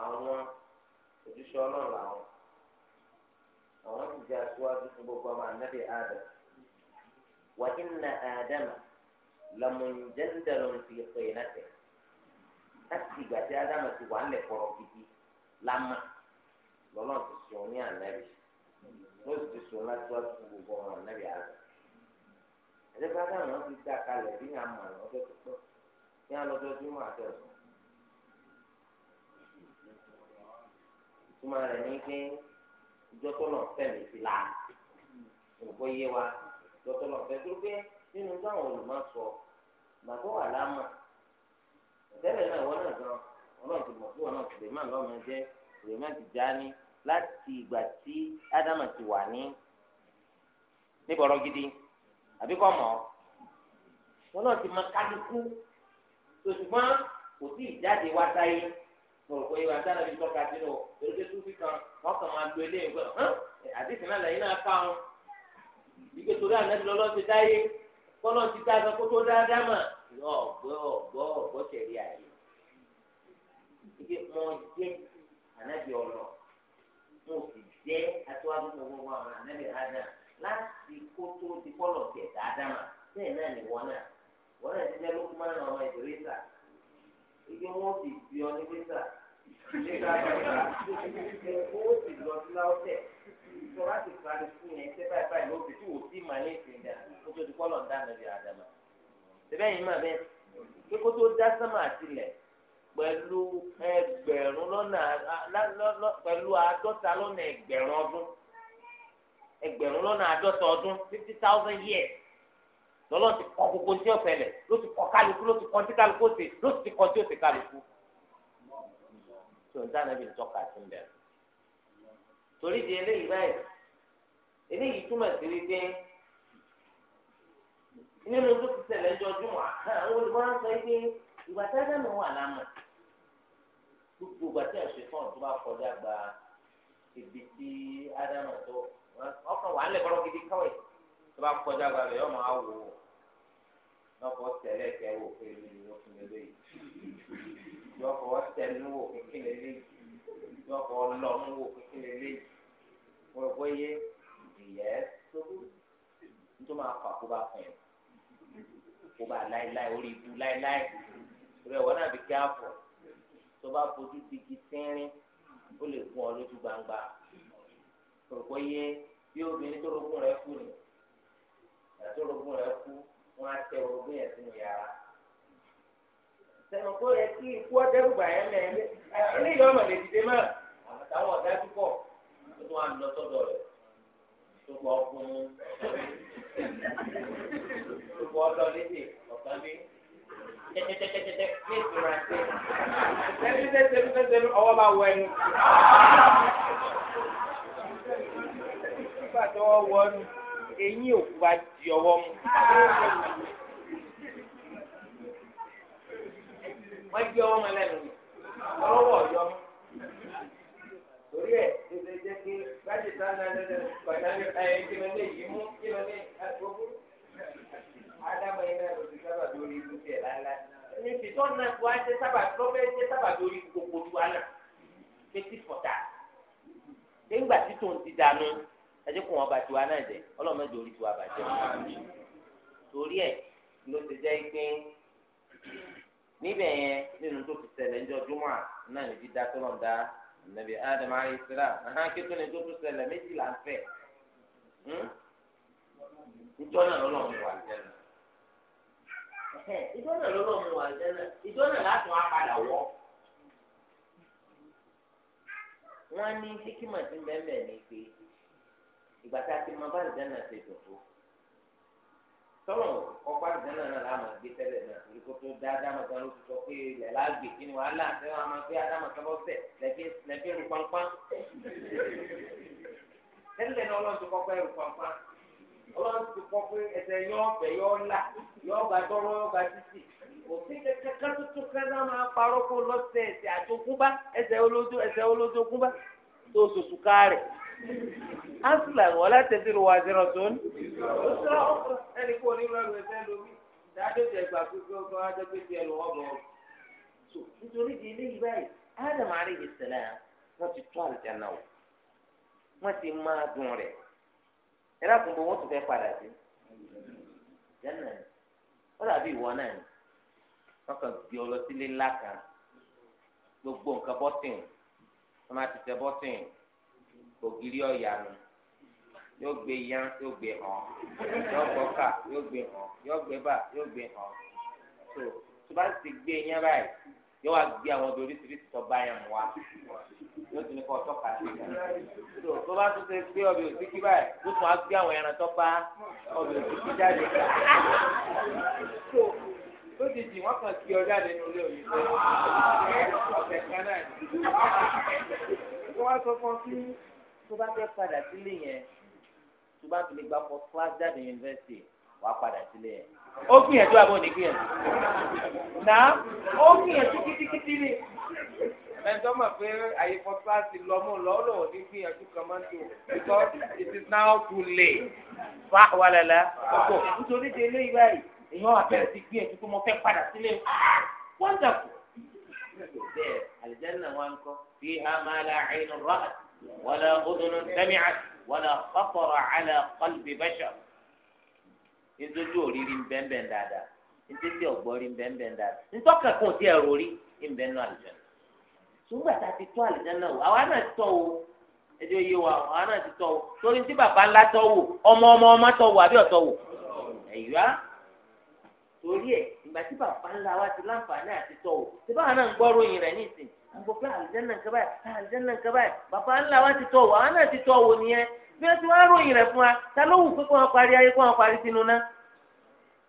àwọn ojúṣe ọlọ́run làwọn àwọn ti fún gbogbo ọmọ láti ìgbà tí ádámù ti wà ńlẹ̀ kọ̀rọ̀ gidi lámà lọ́nà ti sùn ní ànábì ló sì ti sùn láti wá sí gbogbo ọmọ ànábì àgbà. ẹ̀dẹ́gbẹ́ ádámù wọn ti dá kalẹ̀ bí yàn mọ̀ lọ́jọ́ tó pọ̀ ní alọ́dọ́dúnmọ́ àtẹ̀sùn. ìtumọ̀ rẹ̀ ní pé ìjọ tó lọ fẹ̀mí sí la òkò yé wa ìjọ tó lọ fẹ̀ dúró pé nínú táwọn olùmọ̀ sọ màtó wà lámà tẹ́lẹ̀ náà wọ́n náà gan ọlọ́run ti mọ̀ fún wọn náà Suleiman lọ́mọ jẹ́ Suleiman ti já ní láti ìgbà tí Ádámà ti wà ní níbọ̀rọ̀ gidi àbí kọ́ mọ̀ wọn náà ti mọ kálukú ṣùgbọ́n kò sí ìjáde wá sáyé mọ̀lùkọ́ yìí wà sára bí tọ́ka sínú èròjẹ́ túbí kan wọ́n kàn máa lo eléyìí gbọ́dọ̀ hàn àdìsí náà lẹ́yìn náà fa wọn ìgbésórí àná ti lọ́lọ́ lọ ọgbọ ọgbọ ọgbọ tẹlẹ àyè ike mọ jẹ anabi ọlọ mo sì jẹ atọwájú fún gbogbo àwọn anabi adam láti kótó ti kọlọ kẹta adama bẹ́ẹ̀ náà ni wọn náà wọn náà ti jẹ Lukman ọmọ ìdírísà ike wọn sì fi ọ ní bísà nígbà tó ṣe owó ti lọ sí láwùjẹ ìjọba ti parí fún yẹn ṣé báyìí báyìí ló tí wò sí màlẹ́ ìsìn dà kótó ti kọlọ ń dáná bí adama síbẹ̀ yìí mà bẹ́ẹ̀ pé kó tó dá sánmà sílẹ̀ pẹ̀lú ẹgbẹ̀rún lọ́nà pẹ̀lú àádọ́ta lọ́nà ẹgbẹ̀rún ọdún ẹgbẹ̀rún lọ́nà àádọ́ta ọdún fifty thousand years lọ́lọ́ ti kọ́ gbogbo tí ó ṣẹlẹ̀ ló ti kọ́ kálukú ló ti kọ́ tí kálukú ó ti ló ti kọ́ tí ó ti kálukú. tó ń dáná bí tọ́ka sí bẹ̀rẹ̀ torí di eléyìí báyìí eléyìí túmọ̀ sí wípé nínú tó ti ṣẹlẹ̀ jọjúmọ olùkọ́ ń sọ pé ìgbà tájà ló wà lámà gbogbo ìgbà tí ẹ̀sìn fún ọ̀tún bá kọjá gba ibi tí ádámà tó ọkàn wà á lẹ̀ kọ́rọ́ gidi káwé tó bá kọjá gba rẹ̀ yọmọ awò lọ́kọ̀ tẹ̀lé ẹ̀kẹ́ wò pé mi ni wọ́n fún mi lóye lọ́kọ̀ tẹ̀lé wò kékeré léyìí lọ́kọ̀ lọ́mú wò kékeré léyìí wọ́n gbọ́ yé ìyẹ́ tó tó máa fà kó bá fún kó bá láéláé orí ibu láéláé rẹ wọn náà fi kí á fọ tó bá fojú digi tínrín ó lè fún ọ lójú gbangba òrùkọ yé bí obìnrin tó rogún rẹ kú ni tó rogún rẹ kú wọn á tẹ orogún yẹn sínú yàrá sẹnu kó yẹ kí ikú ọdẹrùbà yẹn lẹ ẹ eléyìí ọmọ lè dìde àwọn táwọn ọdá dúpọ tó wà lọ sọ́dọ̀ tó gbọ fún un gbogbo ọlọ lédè ọ̀kan ní tẹ́tẹ́tẹ́tẹ́tẹ́ ní ìtura ṣe tẹ́tẹ́tẹ́tẹ́tẹ́ ọwọ́ bá wọ ẹnu. nígbà tó wọ́ wọnú eyín òkú bá di ọwọ́ mu. wọ́n jẹ́ ọwọ́ mọ́lẹ́nu ọlọ́wọ́ ọ̀yọ́ torí ẹ̀ ṣe ṣe jẹ́ kí káyè tá a nà ẹ̀dẹ̀ pàtà ẹ̀ kílódé yìí mú kílódé àgbógbó. Ádámọ̀ yìí náà ló ti sábà lórí ikú tiẹ̀ lálá. Ní tìtọ́ náà kó a ṣe sábà tó bẹ́ẹ̀ ṣe sábà lórí gbogbo tiwa náà. Fetí fọ̀tà. Nígbà tí tòun ti dànù, ẹjẹ́ kò wọ́n bá tiwa náà jẹ́, ọlọ́mọdé orí tiwa bàjẹ́. Torí ẹ̀ ló ti jẹ́ pé níbẹ̀ yẹn nínú tó fi ṣẹlẹ̀ ńjọ́ Júmọ̀ náà ní dídá tó lọ́n dá anabi adam alayhi salam ahan kí tó ní tó tó ṣẹlẹ̀ méjì là ń fẹ́ hmm? ìjọ náà lọ́nà mú wà jẹ́nà ìjọ náà lọ́nà mú wà jẹ́nà ìjọ náà láti wọn padà wọ́. wọ́n ní síkímọ̀ tí ń bẹ́ẹ̀ mẹ́ẹ̀ ní pé ìgbà tá a ti mọ bá ìjọ ṣe dùn tó tọ́lọ̀ ọ̀pá ìdáná náà la máa gbé tẹ́lẹ̀ náà torí kó tó dá adámọ̀tán ló ti sọ pé ilẹ̀ la gbè kí ni wàhálà àti wọn máa gbé adámọ̀tán lọ sẹ̀ lẹ́gbẹ́ rú pánpán. tẹ́lẹ̀ náà ọlọ́run ti kọ́ pé rú pánpán ọlọ́run ti kọ́ pé ẹsẹ̀ yọ ọ̀fẹ́ yọ ọ̀la yọ ọ̀gá dọ́rọ́ ọ̀gá títì òfin kẹ́kẹ́ tuntun kẹ́lá máa parọ́ kó lọ́sẹ̀ ẹsẹ̀ àjogúnbá ẹsẹ̀ olójó ẹsẹ̀ olójó asìlà wọlé tẹsíru wa zero tó ń. ẹnì kó onírúurú ẹgbẹ́ lómi dáadọ́ tẹ gbà gbogbo ọgbọ́n adé pé tiẹ̀ lọ́wọ́ bọ̀ ọ́. nítorí di ilé yìí báyìí ádámù àríyé sẹlẹ̀ wọ́n ti tún àlùjáná wọ̀ wọ́n ti máa dùn rẹ̀ ẹ̀rọ àkùnbọ̀ wọ́n tún fẹ́ padà sí. jẹ́nà ni ó dàbí ìwọ náà ni wọ́n kàn gbé ọ lọ sílé ńlá kan gbogbo nǹkan bọ́tìn wọ́n máa ti tẹ bọ́tìn ògiri ọ̀yà nu yóò gbé yan yóò gbé hàn yóò gbọ́ ká yóò gbé hàn yóò gbé bà yóò gbé hàn so tó bá ti gbé yan báyìí yóò wá gbé àwọn ọbẹ̀ oríṣiríṣi tó bá yẹn wá yóò tún ní kó ọtọ́ kà sí i tó tó bá tún ṣe gbé ọbẹ̀ òsíkí báyìí ó tún á gbé àwọn ẹran tó bá ọbẹ̀ òsíkí jáde ká so lójijì wọn kàn kí ọjà nínú ilé òyìn fẹ ọ̀sẹ̀ kan náà ni wọn sọ fún ọ sí tó bá fẹ́ padà sílé yẹn tó bá fi lè gba fọ class jáde yunifásitì wàá padà sílé ẹ̀. ó gbìyànjú àbọ̀ ní gbìyànjú. náà ó gbìyànjú kítíkítí ni. ẹ̀ńtọ́ mọ̀ pé àyè fọ class lọ mú lọ ní gbìyànjú kan máa ń tó because it is now too late. fa wàlálà ọkọ nítorí ti eléyìí báyìí èèyàn àbẹ̀rẹ̀ ti gbìyànjú pé mo fẹ́ padà sílé wonderful. bẹ́ẹ̀ àlìjẹ́ náà wá kọ́ fi hàn máa la àyìn rọ́ọ̀t wọ́n lọ wala khatara ala qalbi bashar nítorí òrírí ń bẹ́ẹ̀ dáadáa nítorí ọ̀gbọ́rí ń bẹ́ẹ̀ dáadáa nítọ́kà kan tí ẹ̀rọ rí ń bẹ́ẹ̀ náà àlùjànnà ṣùgbọ́n tá a ti tọ́ àlùjànnà wò àwa náà ti tọ́ wò ẹjọ́ yé wa àwa náà ti tọ́ wò torí tí bàbá ńlá tọ́ wò ọmọ ọmọ ọmọ tọ́ wò àbí ọ̀tọ́ wò ẹ̀yọ́ torí ẹ̀ ìgbà tí bàbá ńlá wa ti láǹfààní àti tọ́ wò tí báwa náà ń gbọ́ ròyìn rẹ̀ nísìnyí mo gbọ́ pé àlùjànnà náà ti tọ́ bí wọ́n ti wá ròyìn rẹ̀ fún wa ta ló wù pé kí wọ́n parí ayé kí wọ́n parí sínú náà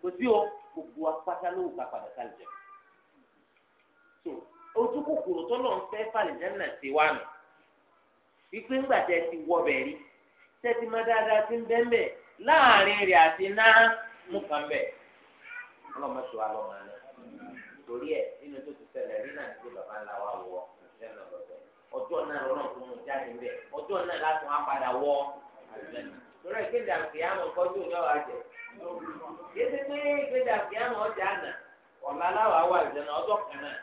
kò sí o gbogbo apáta ló wù ká padà sálì jẹ so ojú kòkòrò tó lọ ń fẹ́ sálì jẹ náà ti wà nù wípé ńgbà tẹ ti wọ bẹ́ẹ̀ rí tẹ ti má dáadáa ti ń bẹ́ẹ̀ bẹ́ẹ̀ láàrin rẹ̀ àti náà mú kan bẹ́ẹ̀ ọlọ́mọ tó wà lọ́mọ rẹ̀ torí ẹ̀ nínú tó ti ṣẹlẹ̀ rí náà bàbá ńlá wa wọ̀ ọjọ́ náà lọ́nà tó mú jáde bẹ́ẹ̀ ọjọ́ náà láti wọn padà wọ lórí ìgbéga kìámù kọjú ní ọ̀rọ̀ àjẹ yéésì pé ìgbéga kìámù ọjà àná ọ̀la aláwọ̀ àwọ̀ àlùjẹ́nà ọjọ́ kan náà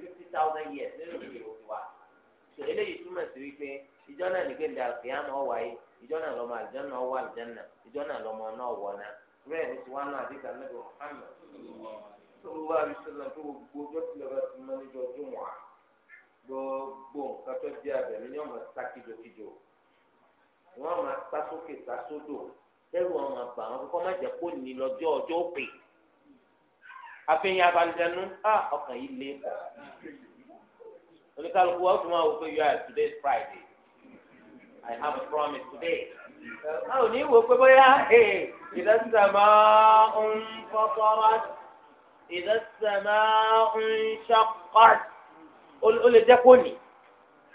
fifty thousand years nínú wa eléyìí túmọ̀ sí wípé ìjọ náà ní yìí ìjọ náà lọ́mọ ìjọ náà lọ́mọ náà wọ̀ náà rẹ̀ ní tiwọn náà sọlọ́wọ́ àbísọ́lá tó gbogbo ọjọ́ tí lọ́ba ti mọ́ níjọ́ tó wà gbogbo nǹkan tó jẹ́ abẹ̀mí ni wọ́n máa sá kíjokíjo wọ́n máa sá sókè sá sódò ẹrù wọn máa bà wọn kó má jẹ́ kó ní lọ́jọ́ ọjọ́ òpè àfihàn abalẹ̀nu á ọkàn yìí lé kọ́ oníkàlùkù wọ́n tún máa wò pé you are today's Friday I have a promise today báwo ni wò pé bóyá ìdásílẹ̀ máa ń fọ́tọ́rọ́. إذا السماء انشقت قل قل جكني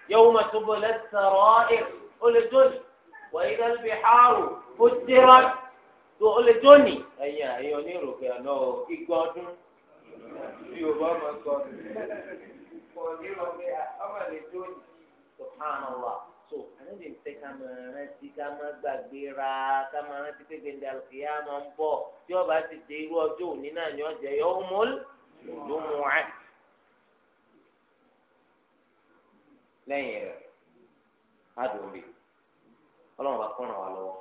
يوم تبلى السرائر قل جل وإذا البحار فجرت قل جني أيها أيها نيرو كي أنو كي قادم يوبا ما قادم سبحان الله so ànábì ń fẹ́ ká máa rántí ká máa gbàgbéra ká máa rántí pé gbẹ̀ndẹ̀ àlùkìyà máa ń bọ̀ tí ọba ti dé irú ọjọ́ òní náà ni ọjà yọ ó mú ló mú ẹ. lẹ́yìn rẹ̀ adùn bì ọlọ́run bá kọ́ràn wá lọ́wọ́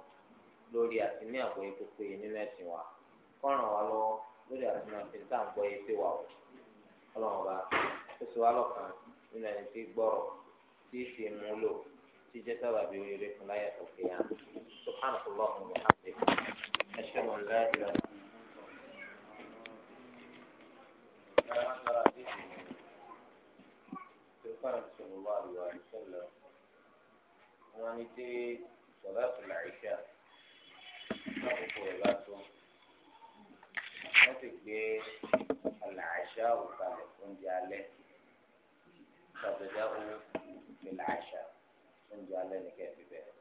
lórí àti ní àgbọ́yé tó péye nínú ẹ̀sìn wa kọ́ràn wá lọ́wọ́ lórí àti ní àti tá à ń gbọ́ ọlọ́run bá ó sì wá lọ́kàn nínú ẹni tí gbọ́rọ̀ tí ì fi mú lò. ti jẹ́ sábà bí rere fún láyà tó fi hàn subhanahu wa ta'ala wa hamdihi ashhadu an la ilaha illa wọn ni tí sọlá tó là ìṣá lákòókò rẹ bá tó wọn ti gbé àlàáṣá òkàlẹ fún di alẹ́ tàbí dáhùn ìlà àṣà. oúnjẹ alẹ́ ní kẹ́ẹ̀fì bẹ̀rẹ̀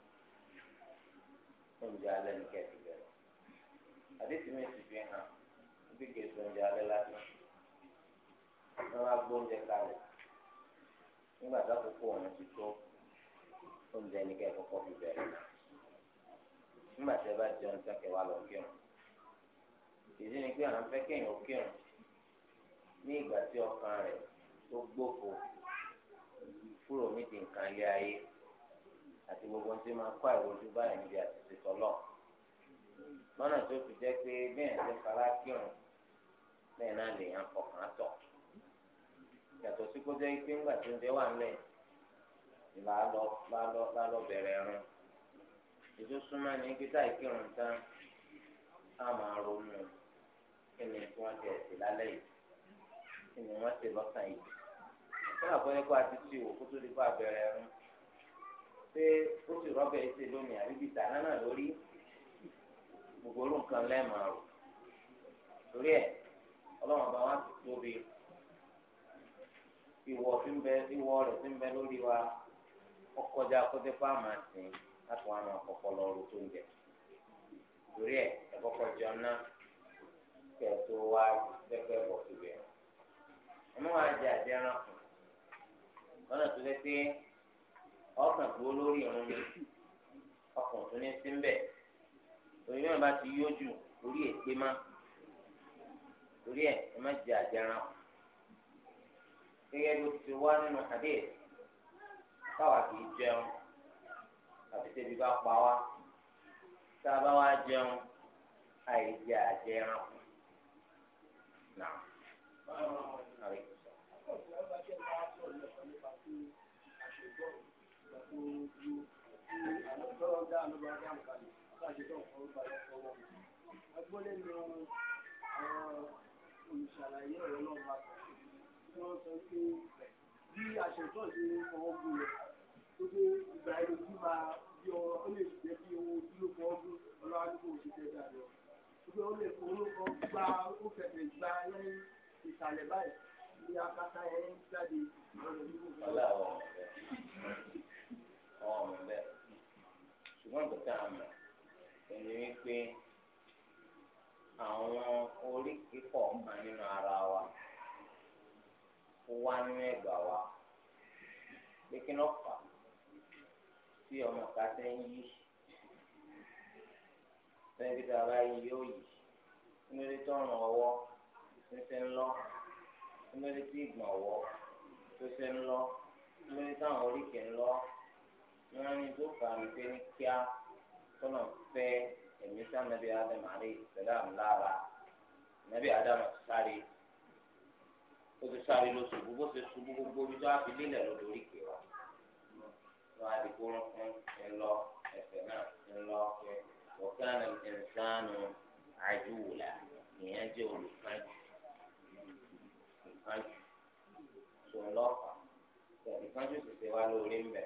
oúnjẹ alẹ́ ní kẹ́ẹ̀fì bẹ̀rẹ̀ àdéhùn mi ti fi hàn bí gèsè oúnjẹ alẹ́ láti wọ́n wá gbóúnjẹ kalẹ̀ nígbà tó àkókò ọ̀nà ti tó oúnjẹ ní kẹ́ẹ̀fì kọ́kọ́ fi bẹ̀rẹ̀ nígbà tí ẹ bá jẹun wá lọ kírun ìdí ni pé àti gbogbo ti máa kó a báyìí níbi lọ. tọ́lọ̀ lọ́nà tó fi jẹ́ pé bẹ́ẹ̀ ṣe fara kírun bẹ́ẹ̀ náà lè yàn fọkàn tọ̀ yàtọ̀ sí kó jẹ́ pé ńgbà tó ń jẹ́ wà ńlẹ̀ bẹ̀rẹ̀ ẹ̀rùn ètò súnmọ́ tán á máa ronú kí ni wọ́n ti ẹ̀sìn lálẹ́ yìí kí ni wọ́n ti lọ́sàn yìí kí àkọ́yẹ́kọ́ àti pé ó sì rọ́bẹ̀ a lómi àríbi tàná náà lórí gbogbo nǹkan lẹ́ẹ̀mọ̀ rò torí ẹ̀ ọlọ́run ọba wa ti tóbi ìwọ ń bẹ ìwọ rẹ̀ fi ń bẹ lórí wa ọkọjá kọ́tẹ́ fáàmù àtìn láti wọn àwọn ọ̀pọ̀ lọ́rùn tó ń jẹ torí ẹ̀ ẹ̀kọ́kọ́ jẹun náà kẹ̀ tó wá pẹ́pẹ́ bọ̀ síbẹ̀ wa jẹ àjẹrán lọ́nà ọkàn tó lórí ọ̀run lè ọkàn tó ní sí bẹ́ẹ̀ torí náà bá ti yó jù orí ẹ̀ pé má torí ẹ̀ ẹ má jẹ àjẹrán gẹ́gẹ́ bó ti wá nínú hadith táwa kì í jẹun àti tẹbi bá pa wá tá a bá wá jẹun àìjẹ àjẹrán náà. olùṣàlàyé ni. náà bá sọ tí wọ́n sọ pé bí àṣetọ́ ṣe ń fọwọ́ gún lọ tó dé ìgbà ẹni tí máa bí ọ̀rọ̀ ó lè jẹ́ bí owó tí ló fọwọ́ gún ọlọ́wà ní kò ṣe tẹ́ dà lọ. tó dé ó lè fọwọ́ kan gba ó fẹ̀fẹ̀ gba ní ìsàlẹ̀ báyìí ní akátá ẹ̀ ń jáde ọ̀rọ̀ ní kò fọwọ́ àwọn ọmọ bẹ́ẹ̀ ṣùgbọ́n nǹkan tá a ẹni wípé àwọn orí kíkọ̀ máa nínú ara wa ó wá nínú ẹ̀gbà wa pé kí ló fà tí ọmọ ká ń yí sẹ́ńtì tá a yóò yí nínú ilé tó ọwọ́ tó ń lọ nínú tí ìgbọ̀n ọwọ́ tó ń lọ nínú ilé táwọn oríkèé ń lọ wọn ní tó fà mí pé ní kíá tọ́nà fẹ́ ẹ̀mí sá nàbí ádámù alayhi salam lára nàbí ádámù sáré ó ti sáré lọ ṣubú bó ṣe ṣubú gbogbo omi tó á fi lílẹ̀ lọ́dọ̀ oríkè wa wọn á di kóró fún ẹlọ ẹsẹ̀ náà ẹlọ ẹ wọ́kàn ẹ̀ńsánù àjùwòlà ìyẹn jẹ́ olùkánjú olùkánjú tó ń lọ́kàn ìkánjú sì ṣe wá lórí mbẹ́.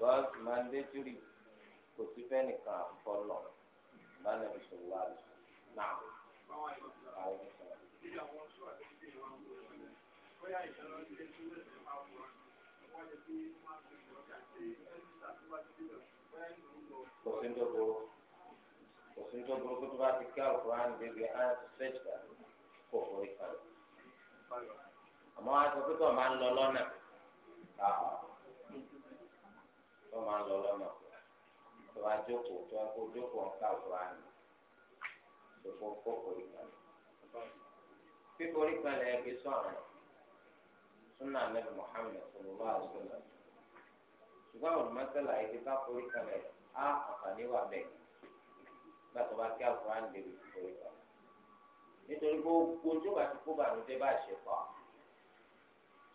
bọ́ọ̀sì máa ń déjúrì kò sí fẹ́ nìkan àfọlọ́ lánàá ìṣòwò àlù náà àwọn ìṣòwò. kò sí tó burú kò sí tó burú kó tó bá ti kí àlùkò àná débi àná ti sèjìdá kò forí kan àmọ́ àti pípọ̀ máa ń lọ lọ́nà. tó máa lọ lọ́nà tó bá jókòó tó bá kó jókòó ọ̀ká òkúránì tó kó kó forí kan. fíforí kan lẹ́yìn fi sọ̀rọ̀ súnà nẹ́bí sọlọ́lá ṣùgbọ́n yìí ti kan á àǹfààní wà bẹ́ẹ̀ nígbà tó bá kí débi kan. nítorí ti kó bá pa tí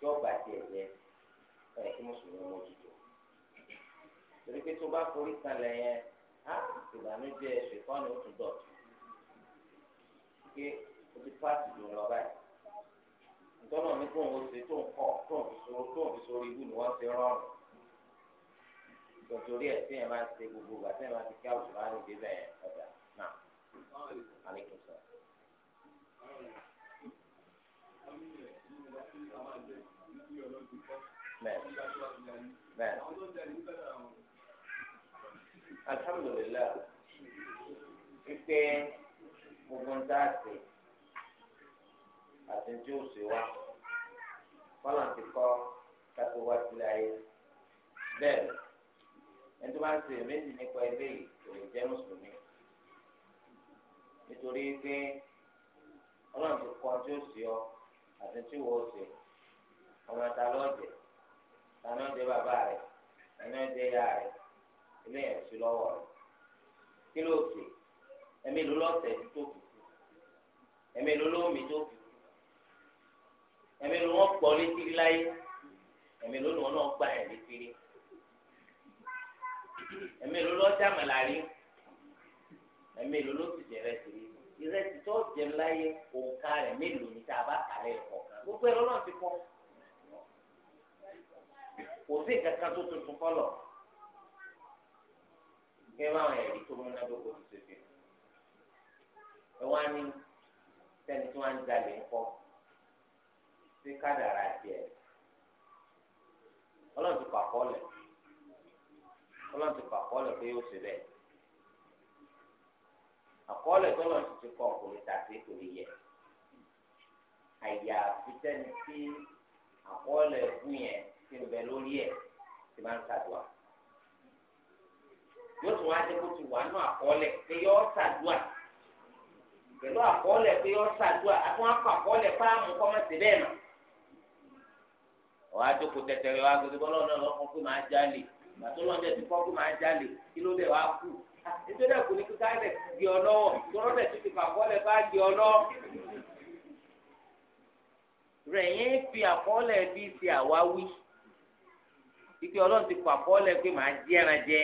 ó bàjẹ́ ẹ̀ kí torí pé tó bá forí kalẹ̀ yẹn á ìbànújẹ́ ṣèkọ́ni ó tún dọ̀tí pé o ti pàṣẹ jù lọ báyìí ìtọ́nà ní kóun ó ṣe tó ń kọ́ tó ń fi sọ̀rọ̀ tó ń fi sọ̀rọ̀ ibú ni wọ́n ti rọrùn nítorí ẹ̀ tí yẹn máa ń ṣe gbogbo ìgbà tí yẹn máa ti kí àwùjọ máa ń lè débẹ̀ ọ̀dà náà àlékún sọ. bẹ́ẹ̀ bẹ́ẹ̀. Alhamdulillah, wípé gbogbo ń dáàsì àti tí ó sì wá kọ́lá ti kọ́ kátó wá sílẹ̀ ayé bẹ́ẹ̀ ẹni tó bá ń ṣe méjì nípa ilé kò lè jẹ́ mùsùlùmí nítorí pé ọlọ́run ti kọ́ tí ó sì ọ àti tí wọ́n sì ọmọ ta lọ́ọ̀dẹ̀ ta ni bàbá rẹ̀ ta ọ̀dẹ̀ ìyá rẹ̀ ilé yẹn sí lọ́wọ́ rẹ̀ kí ló sè ẹ̀mí ló lọ́sẹ̀ tó fi kú ẹ̀mí ló lómi tó fi kú ẹ̀mí ló wọ́n pọ̀ létí láyé ẹ̀mí ló lọ́wọ́ náà gbà ẹ̀ létí rí ẹ̀mí ló lọ́ọ́ dàmàlà rí ẹ̀mí ló ló ti jẹ̀rẹ̀ sí rí ìrẹsì tó jẹ láyé òǹkà rẹ̀ mélòó ni tá a bá kàlẹ́ ẹ̀kọ́ gbogbo ẹ̀rọ náà ti kọ́ kò sí ìkankan tó tuntun kọ́ lọ kí ẹ bá àwọn ẹ̀rí tó múnádóko ti ṣe fi hàn. ẹ wá ní sẹ́ni tí wọ́n ń jalè ń kọ́ sí kádàrá díẹ̀. ọlọ́run ti kọ́ àkọọ́lẹ̀ ọlọ́run ti kọ́ àkọọ́lẹ̀ pé yóò ṣe bẹ́ẹ̀. àkọọ́lẹ̀ tó lọ́n ti kọ́ kò lè tàbí kò lè yẹ. àyàfi sẹ́ni tí àkọọ́lẹ̀ fún yẹn ti bẹ lórí ẹ̀ ti máa ń ṣàdùà. yóò tún wá dé kó ti wà nù pé wa gbẹdẹ bọ́lá ọ̀nà lọ́kàn pé máa jalè gbàtọ́ lọ́dẹ̀ tó kọ́ pé máa jalè kí ló dẹ̀ wá kú. nítorí ẹ̀kọ́ ni kíkà rẹ̀ di ọlọ́wọ́ tọ́lọ́dẹ̀ tó ti fàkọ́lẹ̀ bá di yẹn fi bíi ti ti pé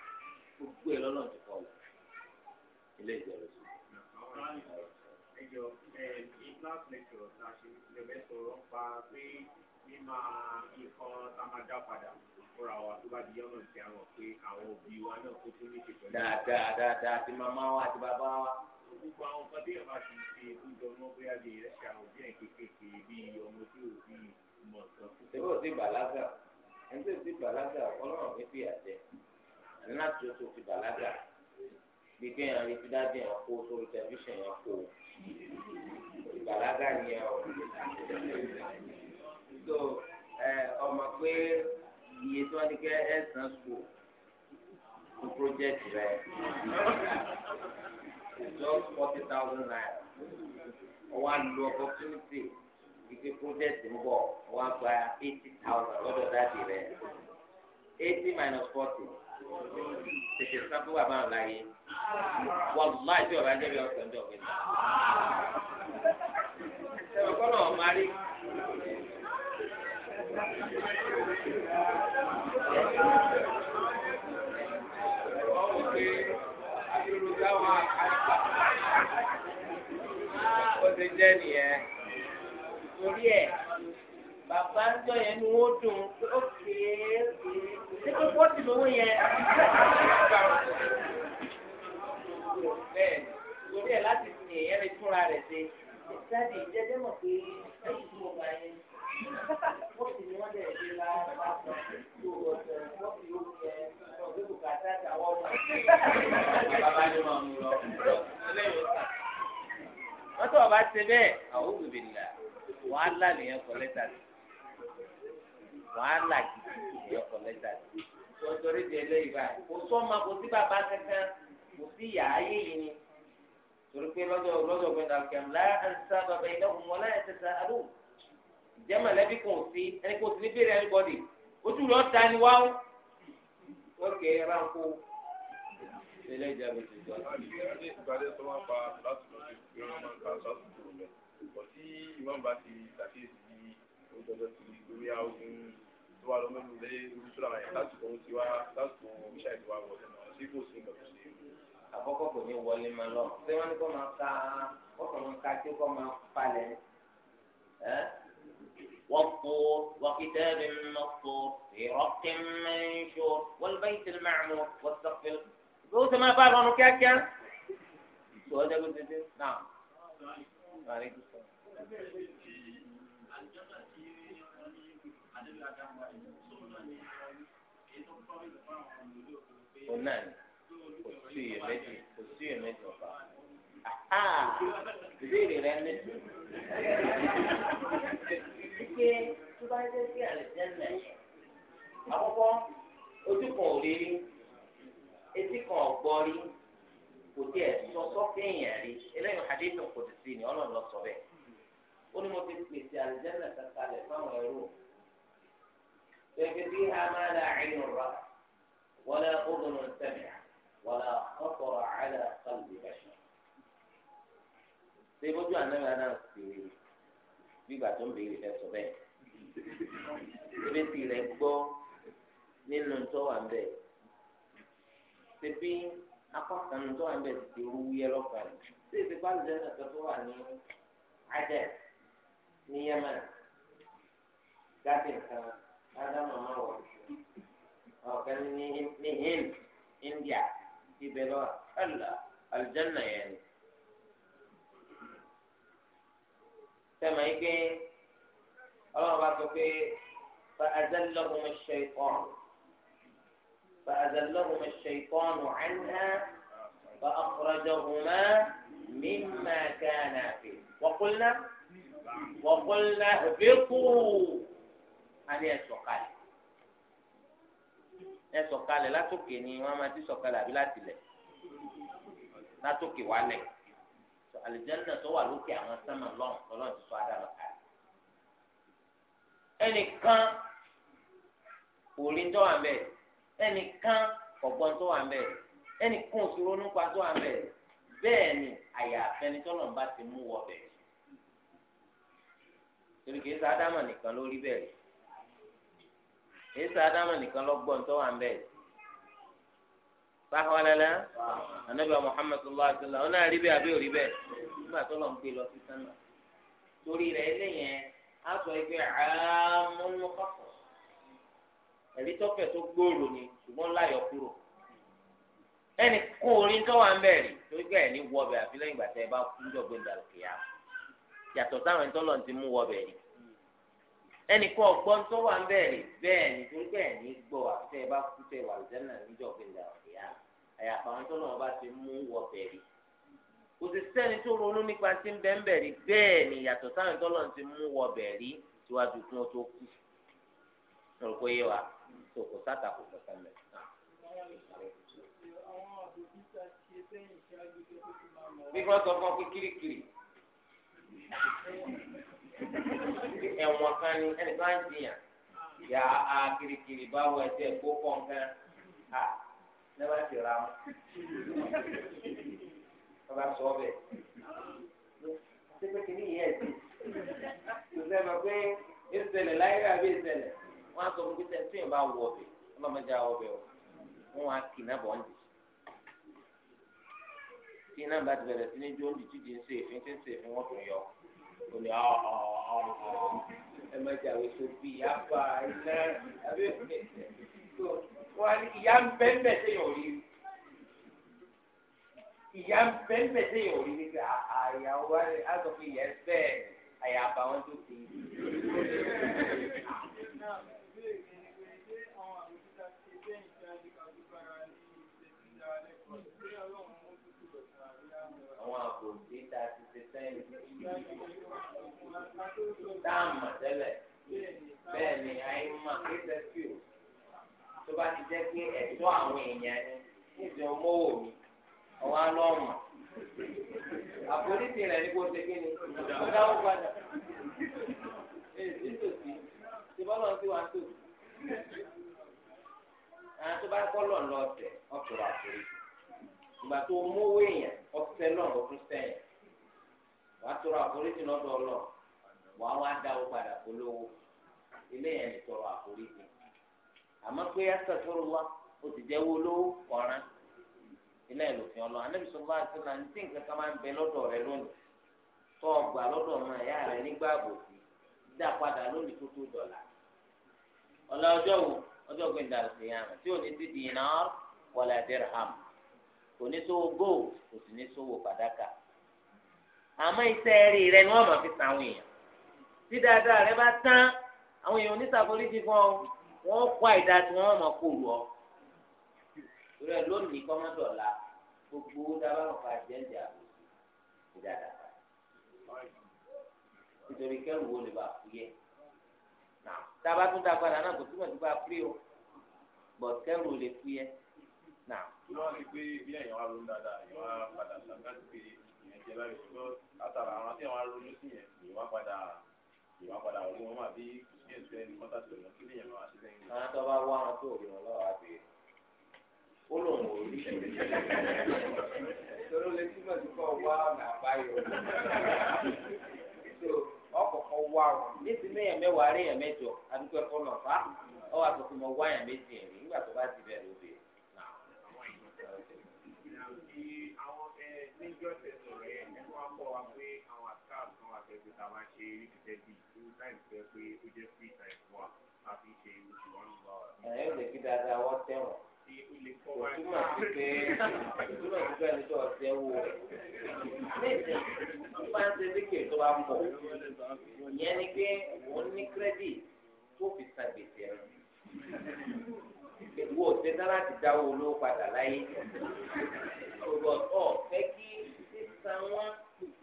gbogbo ẹ lọ́nà ti kọ́ wọ ilé ìjọba tó. ẹjọ ẹ last lecture la ṣe lẹbẹ sọ̀rọ̀ pa pé mímọ nǹkan tá a máa dá padà fúnra wa tó bá di yọ̀nà tí a mọ̀ pé àwọn òbí wa náà kó tó ní ṣe pẹ̀lú. dáadáa dáadáa ti màmá wa àti bàbá wa. gbogbo àwọn nǹkan tí yàrá ti ṣe ìjọ ọmọ bóyá lè rẹ ṣe àwọn òbí ẹ̀ kéékèèké bíi ọmọ tí ò fi mọ̀ sọ. ṣé o ti bàlágà ẹni tí ti bàlágà ọlọ́run ní fìyà jẹ láti o tó fi bàlágà bí kéèyàn rí fídájì yẹn kó sórí tẹlifíṣàn yẹn kó bàlágà yẹn o so uh, ọmọ pé iye tí wọ́n ti kẹ́ ẹ̀ sàn sùkúl fún project rẹ just forty thousand naira ọwọ́ àlù opportunity ìgbé project ń bọ̀ ọwọ́ àgbà eighty thousand lọ́dọ̀ dáàbì rẹ eighty minus forty tètè sábà wà máa láyé wàlúwà tí ọba jẹ́ bí ọ̀sán jọ pé. ẹ̀rọ kọ́ náà máa rí. ọ̀hún pé yorùbá wa àgbà ó ti jẹ́ nìyẹn torí ẹ̀ bàbá ń tọ́ yẹn ni wọ́n dùn pé ó kéé ṣé pé pọ́ọ̀tì lówó yẹn àti ṣé àgbà bẹ́ẹ̀ lórí ẹ̀ láti fi èèyàn lè túnra rẹ̀ ṣe ìsáde ìjẹ́jẹ́ mọ̀ pé ẹ̀yìn tí mo bá yẹn pọ́ọ̀tì ni wọ́n dẹ̀ ṣe lára bá pọ̀ tó ọ̀sẹ̀ pọ́ọ̀tì ó yẹ ọ̀gbẹ́ kò kà sáà tàwọ́ mọ̀ bàbá ni wọ́n mú lọ wọ́n tó ọba ṣe bẹ́ẹ̀ àwọn òbí bìnnà wọ́n á lálẹ́ yẹn kọ́ lẹ́tà sí wàhálà gidi ìyọkọ lẹ́tà sí lọ́jọ́rí di ẹlẹ́yìí báyìí kò sọ́mà kò sí bàbá kankan kò sí ìyá ayé yìí ni torí pé lọ́jọ́ lọ́jọ́ gbẹ̀dà kẹ́m láyà ń sá bàbá ilé ọ̀hún wọn láyà àdó ìjẹ́ mọ̀lẹ́bí kan sí ẹni kò sí ní bèrè ẹnibọ́dì ojú rẹ̀ ọ̀tá ni wá ó ókè ránkó ilé ìjẹun ti jọ. ìgbàdé tó máa ó jọjọ ti lórí àwọn tó wà lọ́mọdún lé olùsọ́lá yẹn lásìkò ohun tiwa lásìkò iṣẹ́ ìdíwà wọlé náà sí kò sí nǹkan tó ṣe. àkọ́kọ́ kò ní wọlé máa lọ ṣé wọ́n ní kó máa ka kókò máa ka kí kó máa falẹ̀ ẹ́ والطور وكتاب مسطور في رق منشور والبيت المعمور والسقف قلت ما فعل أنا كاكا سؤال قلت نعم عليكم السلام o náà ni kò sí iyèméjì kò sí iyèméjì ọba ìbéèrè rẹ ní tó ike tó bá dé sí àlùjẹ́nà yẹn àkọ́kọ́ ojú kan ò rí rí etí kan ò gbọ́ rí kò tí ẹ̀ sọ sọ́kẹ́yìn rí eléyìí hadith kò tí sí ni ọlọ́run lọ sọ bẹ́ẹ̀ ó ní mo ti pèsè àlùjẹ́nà kankan lẹ̀ fáwọn ẹrú. فإن فيها ما لا عين رأت ولا أذن سمع ولا خطر على قلب بشر ṣe bójú ànámi adáhùn sí i gbígbà tó ń béèrè fẹ́ sọ bẹ́ẹ̀ ebi tí rẹ̀ gbọ́ nínú tó wà ń bẹ̀ ṣe bí akọ́kànnù tó wà ń bẹ̀ ti rú yẹ lọ́kàn ṣe èsì pálíjẹ́ nàkẹ́ tó wà ní adẹ́ ní yẹmẹ gáàsì nǹkan هذا ما هو أو كان نهين إنديا في بلوى هلا الجنة يعني كما يجي الله بارك فيه فأذلهم الشيطان فأذلهم الشيطان عنها فأخرجهما مما كانا فيه وقلنا وقلنا اهبطوا a ní ẹ̀sọ̀ kalẹ̀ ẹ̀sọ̀ kalẹ̀ látòkè ni wọ́n máa ti sọ̀kalẹ̀ àbí látìlẹ̀ látòkè wálẹ̀ àlìjẹ́nà tó wà lókè àwọn sẹ́mà lọ́n lọ́n ti sọ adàlọ́ kalẹ̀ ẹnìkan òrí tó wà bẹ́ẹ̀ ẹnìkan ọ̀gbọ́n tó wà bẹ́ẹ̀ ẹnìkan òṣòro nípa tó wà bẹ́ẹ̀ bẹ́ẹ̀ ni àyàfẹ́ni tọ́lọ́mbà ti mú wọ bẹ́ẹ̀ torí kìí sá ádámà nìkan lórí bẹ́ẹ̀ èyí sá ádámà nìkan lọ́gbọ́n tó wà ń bẹ́ẹ̀ báwo lẹ́lẹ́ anabi muhammed sallallahu alayhi wa sallam ọ̀nà àríbí àbí òrí bẹ́ẹ̀ nígbà tó lọ ń gbé lọ sí sánà torí rẹ̀ eléyẹn á sọ pé àmúlò kọ̀kọ̀ ẹ̀rí tọ́fẹ̀ tó gbòòrò ni ṣùgbọ́n láyọ̀ kúrò ẹnì kó orin tó wà ń bẹ̀rẹ̀ torí pé ẹ̀ní wọ ọbẹ̀ àfi lẹ́yìn ìgbà tẹ́ ẹ bá kú jọ̀gbẹ́ ìdàlùkìyà yàtọ̀ sáwọn ẹni tó lọ́n ti mú wọ ọbẹ̀ ẹnìkan ọgbọ́n tó wà ń bẹ̀rẹ̀ bẹ́ẹ̀ ni torí bẹ́ẹ̀ ni gbọ́ àti ẹ bá kú tẹ wà lùdẹ́nà níjọ́ gbẹ̀dà ọ̀dẹ́yà àyàfà àwọn tó náà bá ti mú wọ bẹ̀rẹ̀ kò sì sẹ́ni tó ronú nípa tí ń bẹ́ ń bẹ̀rẹ̀ bẹ́ẹ̀ ni yàtọ̀ sáwọn tó náà ti mú wọ bẹ̀rẹ̀ síwájú kí wọ́n tó kú lọ́rọ̀ kó yé wa tó kò sáta kò kọ̀ọ̀kan mẹ́. bí wọ́n sọ fún ọ ẹ̀wọ̀n kan ni ẹnì kan ń jiyàn yà á kirikiri báwo ẹsẹ̀ kó kọ̀ọ̀kan à lẹ́wọ̀n ti ra mu ọba sọ ọbẹ̀ pépé kìíní yẹ ẹsẹ̀ kò sẹ́nu pé ìṣẹ̀lẹ̀ láyé àbí ìṣẹ̀lẹ̀ wọ́n á sọ fún pété tí ìbá wọ ọbẹ̀ ọba máa já ọbẹ̀ o wọ́n á kì náà bọ̀ ń jì kí náà bá ti bẹ̀rẹ̀ sí ní jóńdì tí jì ń ṣe èéfín tí ń ṣe èéfín wọ́n yọ kò ní ọ ọ ọ ẹ má jà wí tó bí ìyá bá iná àbí tó wọn ìyá ń bẹ ń bẹ sẹ́yìn òrí ìyá ń bẹ ń sẹ́yìn òrí ni pé àyàwó wa ni a sọ àyàbá wọn tó ti. àwọn àbòdé tá ti ṣe sẹ́yìn. tá a mọ̀ tẹ́lẹ̀ bẹ́ẹ̀ ni àyè mọ̀ kí ẹ o tó bá ti jẹ́ pé ẹ̀tọ́ àwọn èèyàn ni níbi ọmọwò mi ọwọ́ alọ́ọ̀mọ̀ àforíṣi rẹ̀ ní kó ṣe kí ni kó dáwọ́ padà ti bọ́lọ̀ sí wa tó àwọn tó bá lọ ọ̀tẹ̀ ọ̀tọ̀rọ̀ ìgbà wàá wá dáwó padà polówó ilé yẹn tọrọ àforíjì àmọ́ pé asàfóró wa o ti jẹ́ wó lówó ọ̀ràn ilé yẹn lòfin ọlọ́ anábì sọ́kọ́ àti náà ní nǹkan máa ń bẹ lọ́dọ̀ rẹ lónìí tó ọgbà lọ́dọ̀ ọmọ ẹ̀yà rẹ nígbà àbòsí dá padà lónìí tó tó dọ̀là ọjọ́ wo ọjọ́ yàrá tí ní ti kò ní sówó gold kò sì ní sówó àmọ́ rẹ ni wọ́n máa tí dáadáa rẹ bá tán àwọn èèyàn oníṣàkórí ti fún ọ wọn kó àìdá tí wọn mọ kó lù ọ torí ẹ lónìí kọ́mọ́dọ̀la gbogbo owó dábàá wọn fà jẹ́ ǹjẹ́ àbòsí ìdáadáa nítorí kẹrù wo lè bá fúyẹ́ náà tába tún dá padà náà kò túmọ̀ sí bá pé o bọ̀ kẹrù lè fúyẹ́ náà. wọ́n ti pé bí ẹ̀yàn wá ronú dáadáa ẹ̀yàn wá padà sàkáàtì pé ìyẹn jẹ́ láyé ṣùgbọ́n látara àwọn tí wọ́n á ronú sí yẹn ìyẹn wá padà. ìwà padà wọlé wọn máa bí kùsùn èso ẹni kọ́tà tó wọn kí lèèyàn máa ṣe lẹ́yìn. àwọn tó bá wá wọn tó òbí wọn lọ́wọ́ àgbè ó lòun ò rí ìṣòro lè túmọ̀ sí kọ́ wá ọ̀nà àbáyọ wá rí adúgbò ẹ̀kọ́ náà wà wá nígbà tó bá ti tàwa ṣe rí fífẹ́ bí irú táìmù fẹ́ pé ó jẹ́ fún ìta ìfọwà a fi ṣe oṣù wọn lù wá. ẹ lè fi dáadáa wọ́n tẹ̀wọ̀n. Òtúmọ̀ sí pé òtúmọ̀ sí pé ẹni tó ọ̀sẹ̀ wo méjì tó bá ń ṣe lékè tó bá ń bọ̀ ìyẹn ni pé òun ní kírẹ́dì tó fi san gbèsè rẹ̀ ìwọ òtẹ́tà láti dáwọ́ olówó padà láyé ọ̀gbọ̀n ọ̀ fẹ́ kí sísan wọn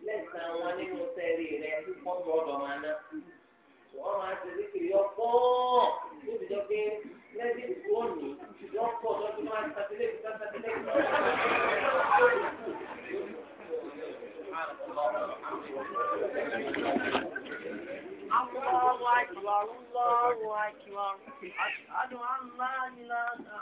lẹ́sàn-án nínú sẹ́ẹ̀rì rẹ̀ púpọ̀ ọ̀dọ̀ máa ná. wọ́n máa ṣe lékiri ọ̀pọ̀ níbi jọ pé lẹ́sìn ìlú òní yọ pọ̀ lọ́dún máa ń sàtìlẹ́ sàtìlẹ́ الله أكبر الله أكبر أشهد أن لا إله